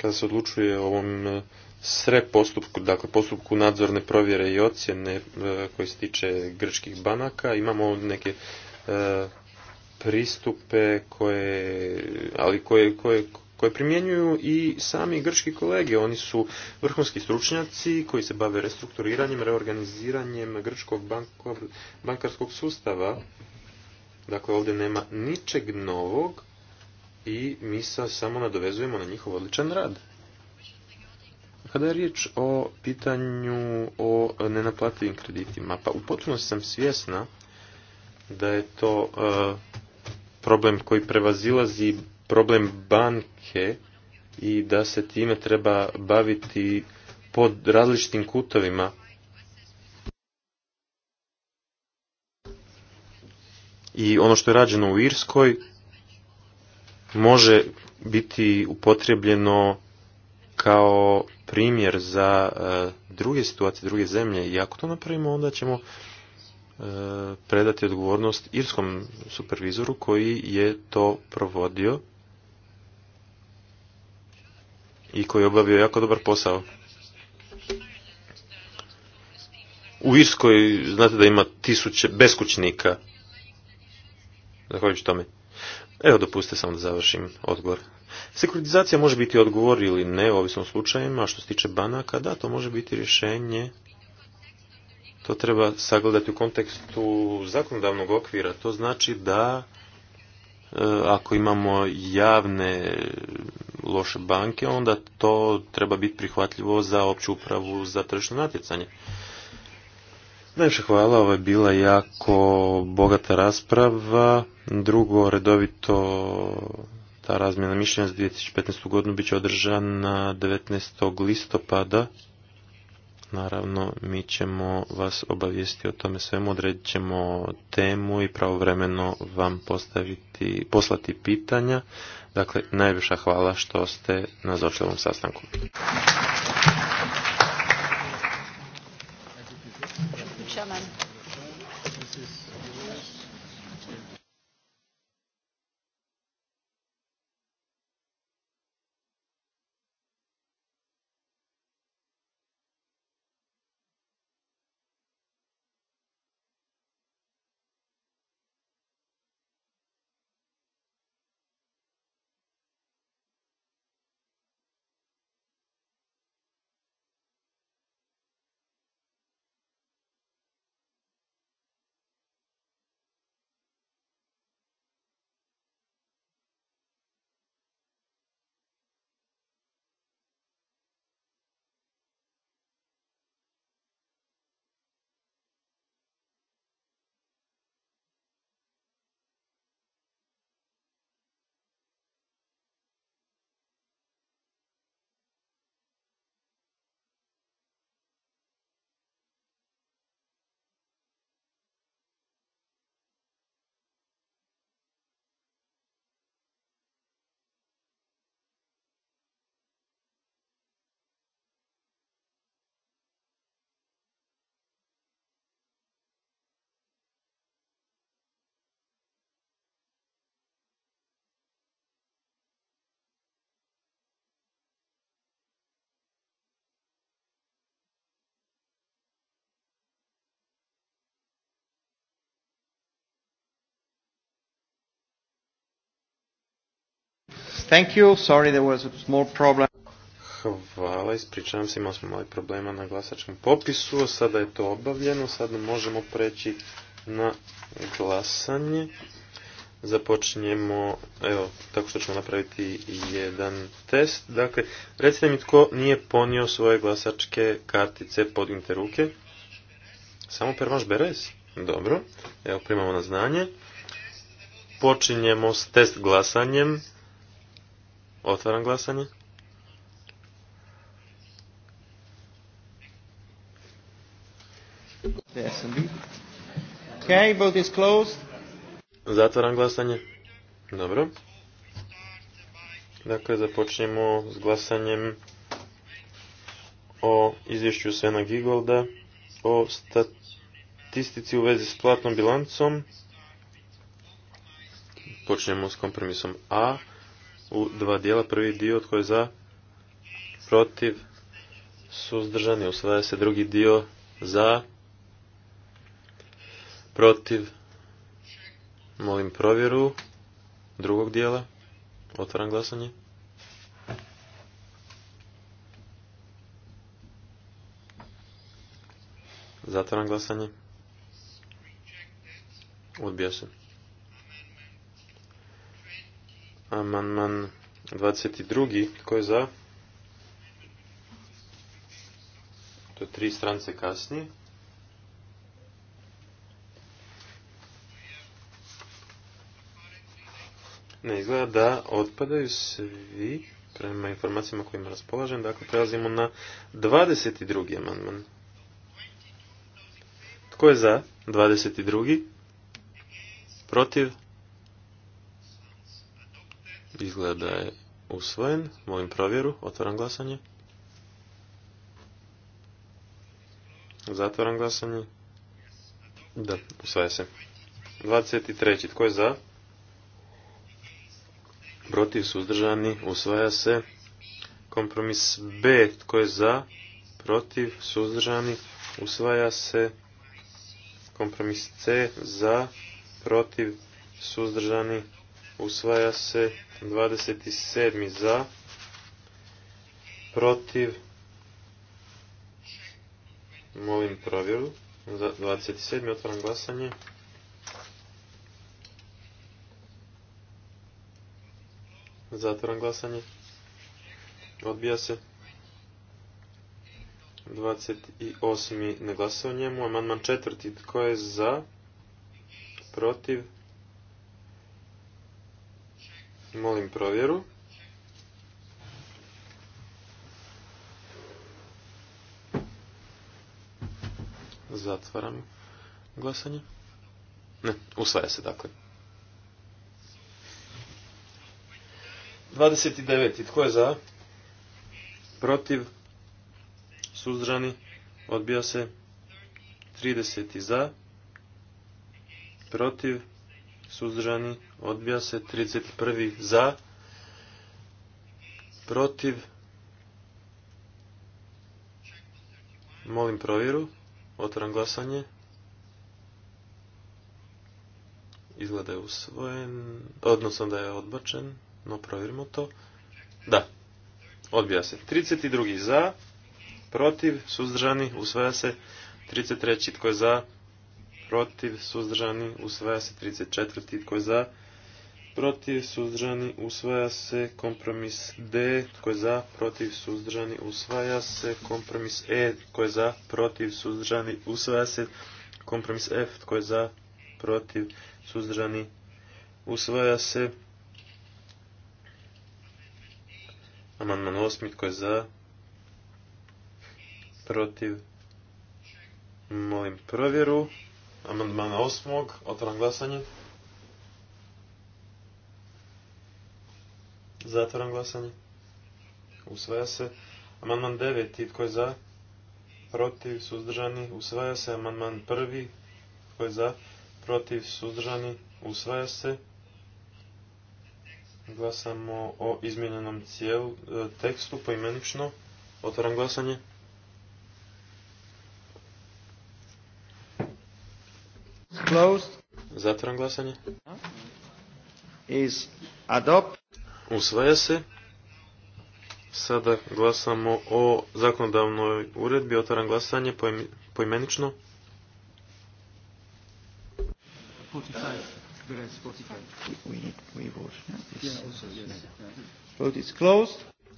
S1: kada se odlučuje o ovom sre postupku, dakle postupku nadzorne provjere i ocjene e, koji se tiče grčkih banaka. Imamo neke e, pristupe koje, ali koje, koje, primjenjuju i sami grčki kolege. Oni su vrhunski stručnjaci koji se bave restrukturiranjem, reorganiziranjem grčkog bankarskog sustava. Dakle, ovdje nema ničeg novog i mi se samo nadovezujemo na njihov odličan rad. Kada je riječ o pitanju o nenaplativim kreditima, pa u potpunosti sam svjesna da je to e, problem koji prevazilazi problem banke i da se time treba baviti pod različitim kutovima. I ono što je rađeno u Irskoj može biti upotrebljeno kao primjer za e, druge situacije, druge zemlje i ako to napravimo onda ćemo e, predati odgovornost irskom supervizoru koji je to provodio i koji je obavio jako dobar posao. U Irskoj znate da ima tisuće beskućnika. Zahvaljujući tome. Evo, dopustite samo da završim odgovor. Sekuritizacija može biti odgovor ili ne, ovisno o a što se tiče banaka, da, to može biti rješenje. To treba sagledati u kontekstu zakonodavnog okvira. To znači da e, ako imamo javne loše banke, onda to treba biti prihvatljivo za opću upravu za tržišno natjecanje. Najviše hvala, ovo je bila jako bogata rasprava. Drugo, redovito ta razmjena mišljenja za 2015. godinu bit će održana 19. listopada. Naravno, mi ćemo vas obavijesti o tome svemu, odredit ćemo temu i pravovremeno vam postaviti, poslati pitanja. Dakle, najviša hvala što ste na ovom sastanku.
S3: Thank you. Sorry, there was a small problem.
S1: Hvala, ispričavam se, imali smo mali problema na glasačkom popisu, sada je to obavljeno, sada možemo preći na glasanje. Započinjemo, evo, tako što ćemo napraviti jedan test. Dakle, recite mi tko nije ponio svoje glasačke kartice, pod ruke. Samo Permaš Berez? Dobro, evo, primamo na znanje. Počinjemo s test glasanjem. Otvaram glasanje. Zatvaram glasanje. Dobro. Dakle, započnemo s glasanjem o izvješću Svena Gigolda o statistici u vezi s platnom bilancom. Počnemo s kompromisom A u dva dijela. Prvi dio tko je za, protiv, suzdržani. Usvaja se drugi dio za, protiv, molim provjeru drugog dijela. Otvaram glasanje. Zatvaram glasanje. Odbija se. Amandman 22. Tko je za? To je tri strance kasnije. Ne, izgleda da otpadaju svi prema informacijama kojima raspolažem. Dakle, prelazimo na 22. amandman. Tko je za 22. Protiv? Izgleda da je usvojen. Molim provjeru. Otvaram glasanje. Zatvaram glasanje. Da, usvaja se. 23. Tko je za? Protiv suzdržani. Usvaja se. Kompromis B. Tko je za? Protiv suzdržani. Usvaja se. Kompromis C. Za. Protiv suzdržani. Usvaja se. 27. za, protiv, molim provjeru, za 27. otvaram glasanje. Zatvaram glasanje. Odbija se. 28. ne glasa njemu. Amandman četvrti. Tko je za? Protiv? Molim provjeru. Zatvaram glasanje. Ne, usvaja se dakle. 29. Tko je za? Protiv? Suzdrani. Odbija se. 30. Za? Protiv? suzdržani, odbija se. 31. za, protiv, molim provjeru, otvaram glasanje. Izgleda je usvojen, odnosno da je odbačen, no provjerimo to. Da, odbija se. 32. za, protiv, suzdržani, usvaja se. 33. tko je za, protiv, suzdržani, usvaja se 34. Tko je za? Protiv, suzdržani, usvaja se kompromis D. Tko je za? Protiv, suzdržani, usvaja se kompromis E. Tko je za? Protiv, suzdržani, usvaja se kompromis F. Tko je za? Protiv, suzdržani, usvaja se amandman 8. Tko je za? Protiv, molim provjeru amandmana osmog. Otvaram glasanje. Zatvaram glasanje. Usvaja se. Amandman devet, Tko je za? Protiv. Suzdržani. Usvaja se. Amandman 1. Tko je za? Protiv. Suzdržani. Usvaja se. Glasamo o izmijenjenom cijelu e, tekstu poimenično. Otvaram glasanje. Closed. glasanje. Is adopt. Usvaja se. Sada glasamo o zakonodavnoj uredbi. Otvaram glasanje poimenično.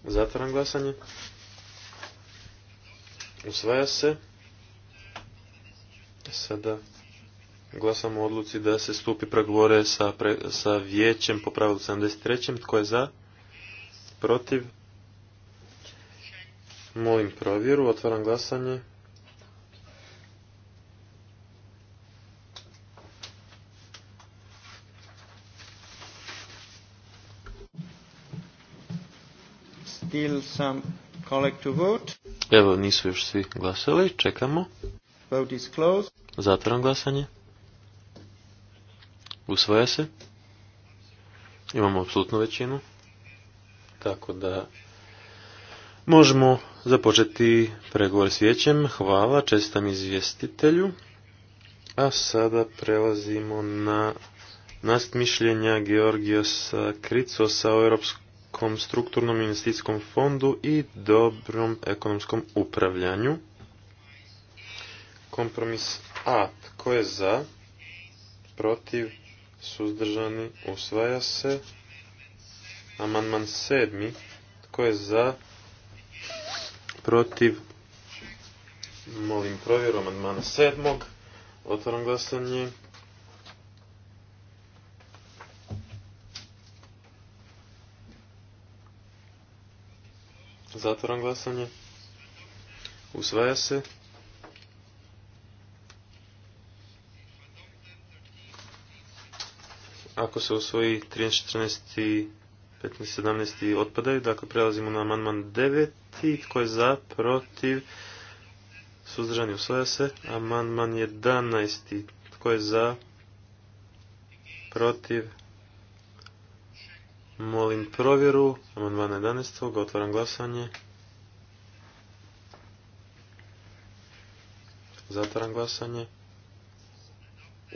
S1: Zatvaram glasanje. Usvaja se. Sada Glasamo u odluci da se stupi pregovore sa, sa vijećem po pravilu 73. Tko je za? Protiv? Molim provjeru. Otvaram glasanje.
S2: Still some collect vote.
S1: Evo, nisu još svi glasali. Čekamo. Vote is closed. Zatvaram glasanje. Usvaja se. Imamo apsolutnu većinu. Tako da možemo započeti pregovor s vijećem. Hvala, čestam izvjestitelju. A sada prelazimo na nast mišljenja Georgiosa Kricosa o Europskom strukturnom investicijskom fondu i dobrom ekonomskom upravljanju. Kompromis A. Tko je za? Protiv? suzdržani, usvaja se. Amandman sedmi, tko je za, protiv, molim provjeru amandmana sedmog, otvaram glasanje. Zatvaram glasanje. Usvaja se. ako se usvoji 13, 14, 15, 17 otpadaju. Dakle, prelazimo na amandman 9. Tko je za, protiv, suzdržani usvaja se. Amandman 11. Tko je za, protiv, molim provjeru. Amandman 11. Otvaram glasanje. Zatvaram glasanje.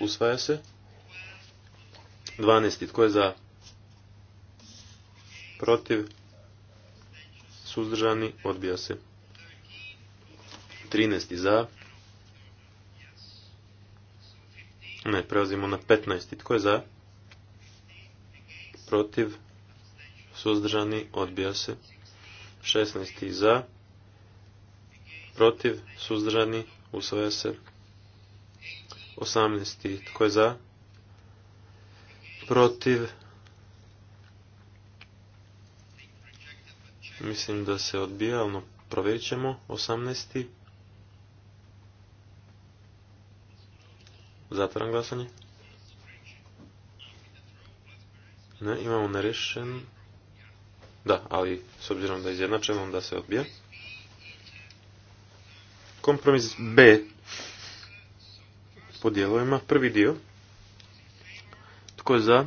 S1: Usvaja se. 12. Tko je za? Protiv? Suzdržani? Odbija se. 13. Za? Ne, prelazimo na 15. Tko je za? Protiv? Suzdržani? Odbija se. 16. Za? Protiv? Suzdržani? Usvaja se. 18. Tko je za? protiv. Mislim da se odbija, ali provjerit ćemo, 18. Zatvaram glasanje. Ne, imamo nerešen. Da, ali s obzirom da je izjednačeno, onda se odbija. Kompromis B po Prvi dio. Tko je za?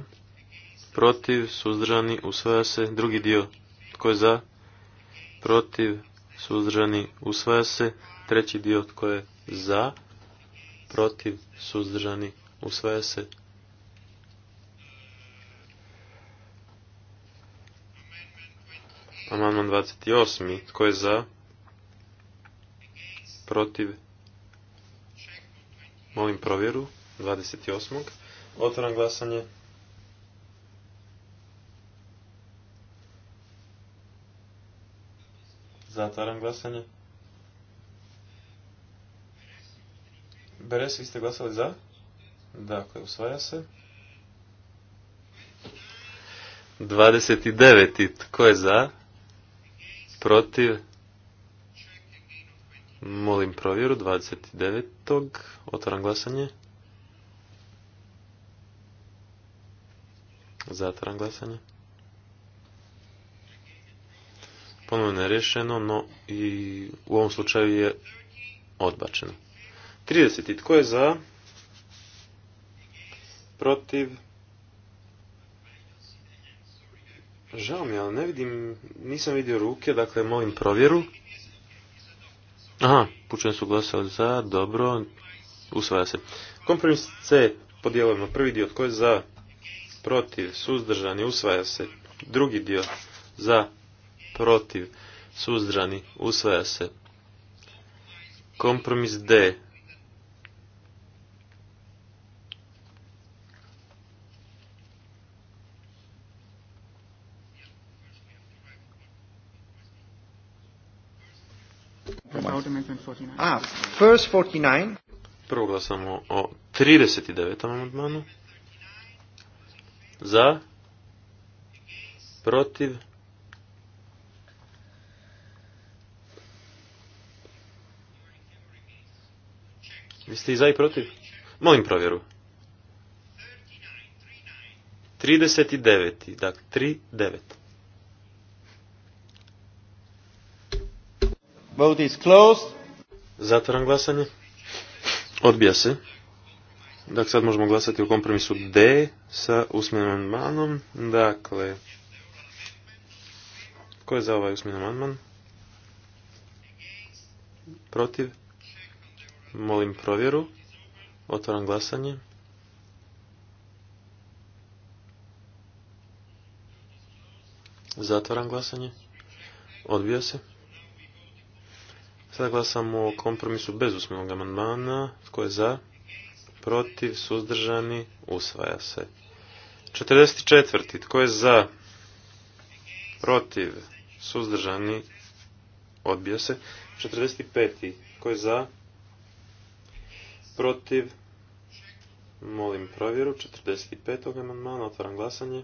S1: Protiv, suzdržani, usvaja se. Drugi dio. Tko je za? Protiv, suzdržani, usvaja se. Treći dio. Tko je za? Protiv, suzdržani, usvaja se. Amandman 28. Tko je za? Protiv? Molim provjeru. 28. Otvoram glasanje. Zatvaram glasanje. Beres, vi ste glasali za? Dakle, usvaja se. 29. Tko je za? Protiv? Molim provjeru. 29. Otvaram glasanje. Zatvaram glasanje. Ponovno je rješeno, no i u ovom slučaju je odbačeno. 30. Tko je za? Protiv? Žao mi, ali ne vidim, nisam vidio ruke, dakle molim provjeru. Aha, pučeni su glasali za, dobro, usvaja se. Kompromis C podijelujemo prvi dio, tko je za, protiv, suzdržani, usvaja se. Drugi dio za, protiv, suzdržani, usvaja se. Kompromis D. Ah, Prvo glasamo o 39. amandmanu za, protiv, Vi ste i za i protiv? Molim provjeru. 39. Dakle, 39. Vote is closed. Zatvaram glasanje. Odbija se. Dakle, sad možemo glasati o kompromisu D sa usmenim amandmanom. Dakle, ko je za ovaj usmeni amandman? Protiv? Molim provjeru. Otvaram glasanje. Zatvaram glasanje. Odbija se. Sada glasamo o kompromisu bez usmenog amandmana. Tko je za? protiv, suzdržani, usvaja se. 44. Tko je za, protiv, suzdržani, odbija se. 45. Tko je za, protiv, molim provjeru. 45. amandmana, otvaram glasanje.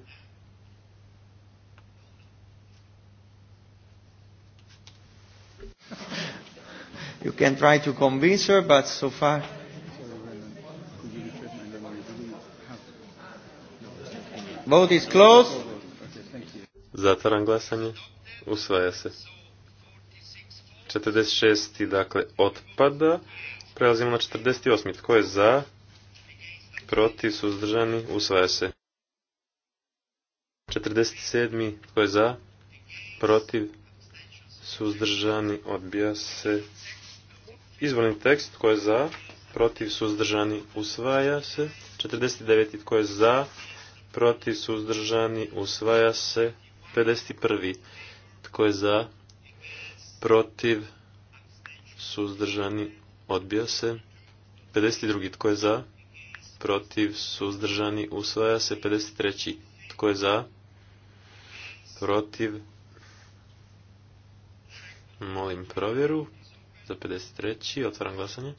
S3: You can try to convince her, but so far...
S1: Vote is closed. Zatvaram glasanje. Usvaja se. 46. dakle otpada. Prelazimo na 48. Tko je za? Protiv, suzdržani, usvaja se. 47. Tko je za? Protiv, suzdržani, odbija se. Izvorni tekst, tko je za? Protiv, suzdržani, usvaja se. 49. Tko je za? protiv, suzdržani, usvaja se. 51. Tko je za, protiv, suzdržani, odbija se. 52. Tko je za, protiv, suzdržani, usvaja se. 53. Tko je za, protiv, molim provjeru. Za 53. otvaram glasanje.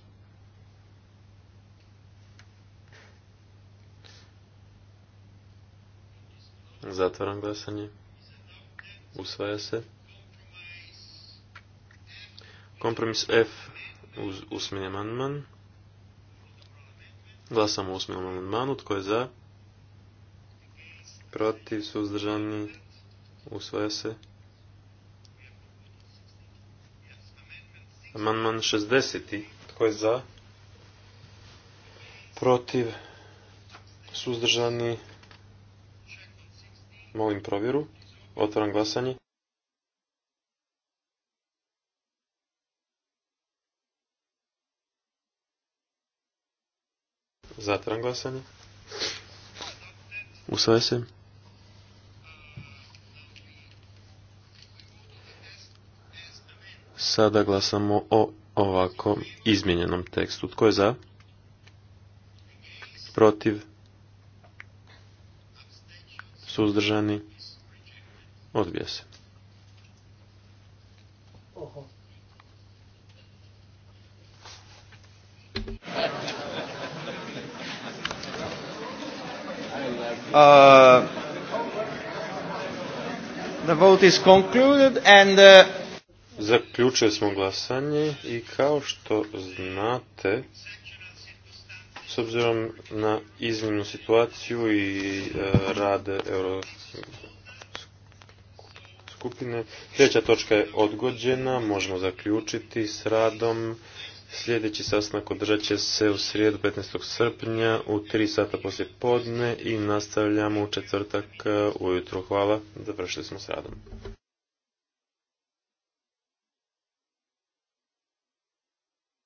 S1: Zatvaram glasanje. Usvaja se. Kompromis F uz usmeni amandman. Glasamo o usmenom amandmanu. Tko je za? Protiv, suzdržani, usvaja se. Amandman 60. Tko je za? Protiv, suzdržani, Molim provjeru. Otvaram glasanje. Zatvaram glasanje. Usvaja se. Sada glasamo o ovakvom izmijenjenom tekstu. Tko je za? Protiv? suzdržani, odbija se. Uh, the vote is concluded and uh, Zaključili smo glasanje i kao što znate, s obzirom na iznimnu situaciju i e, rad euro skupine, sljedeća točka je odgođena, možemo zaključiti s radom. Sljedeći sastanak održat će se u srijedu 15. srpnja u 3 sata poslije podne i nastavljamo u četvrtak e, ujutro. Hvala, završili smo s radom.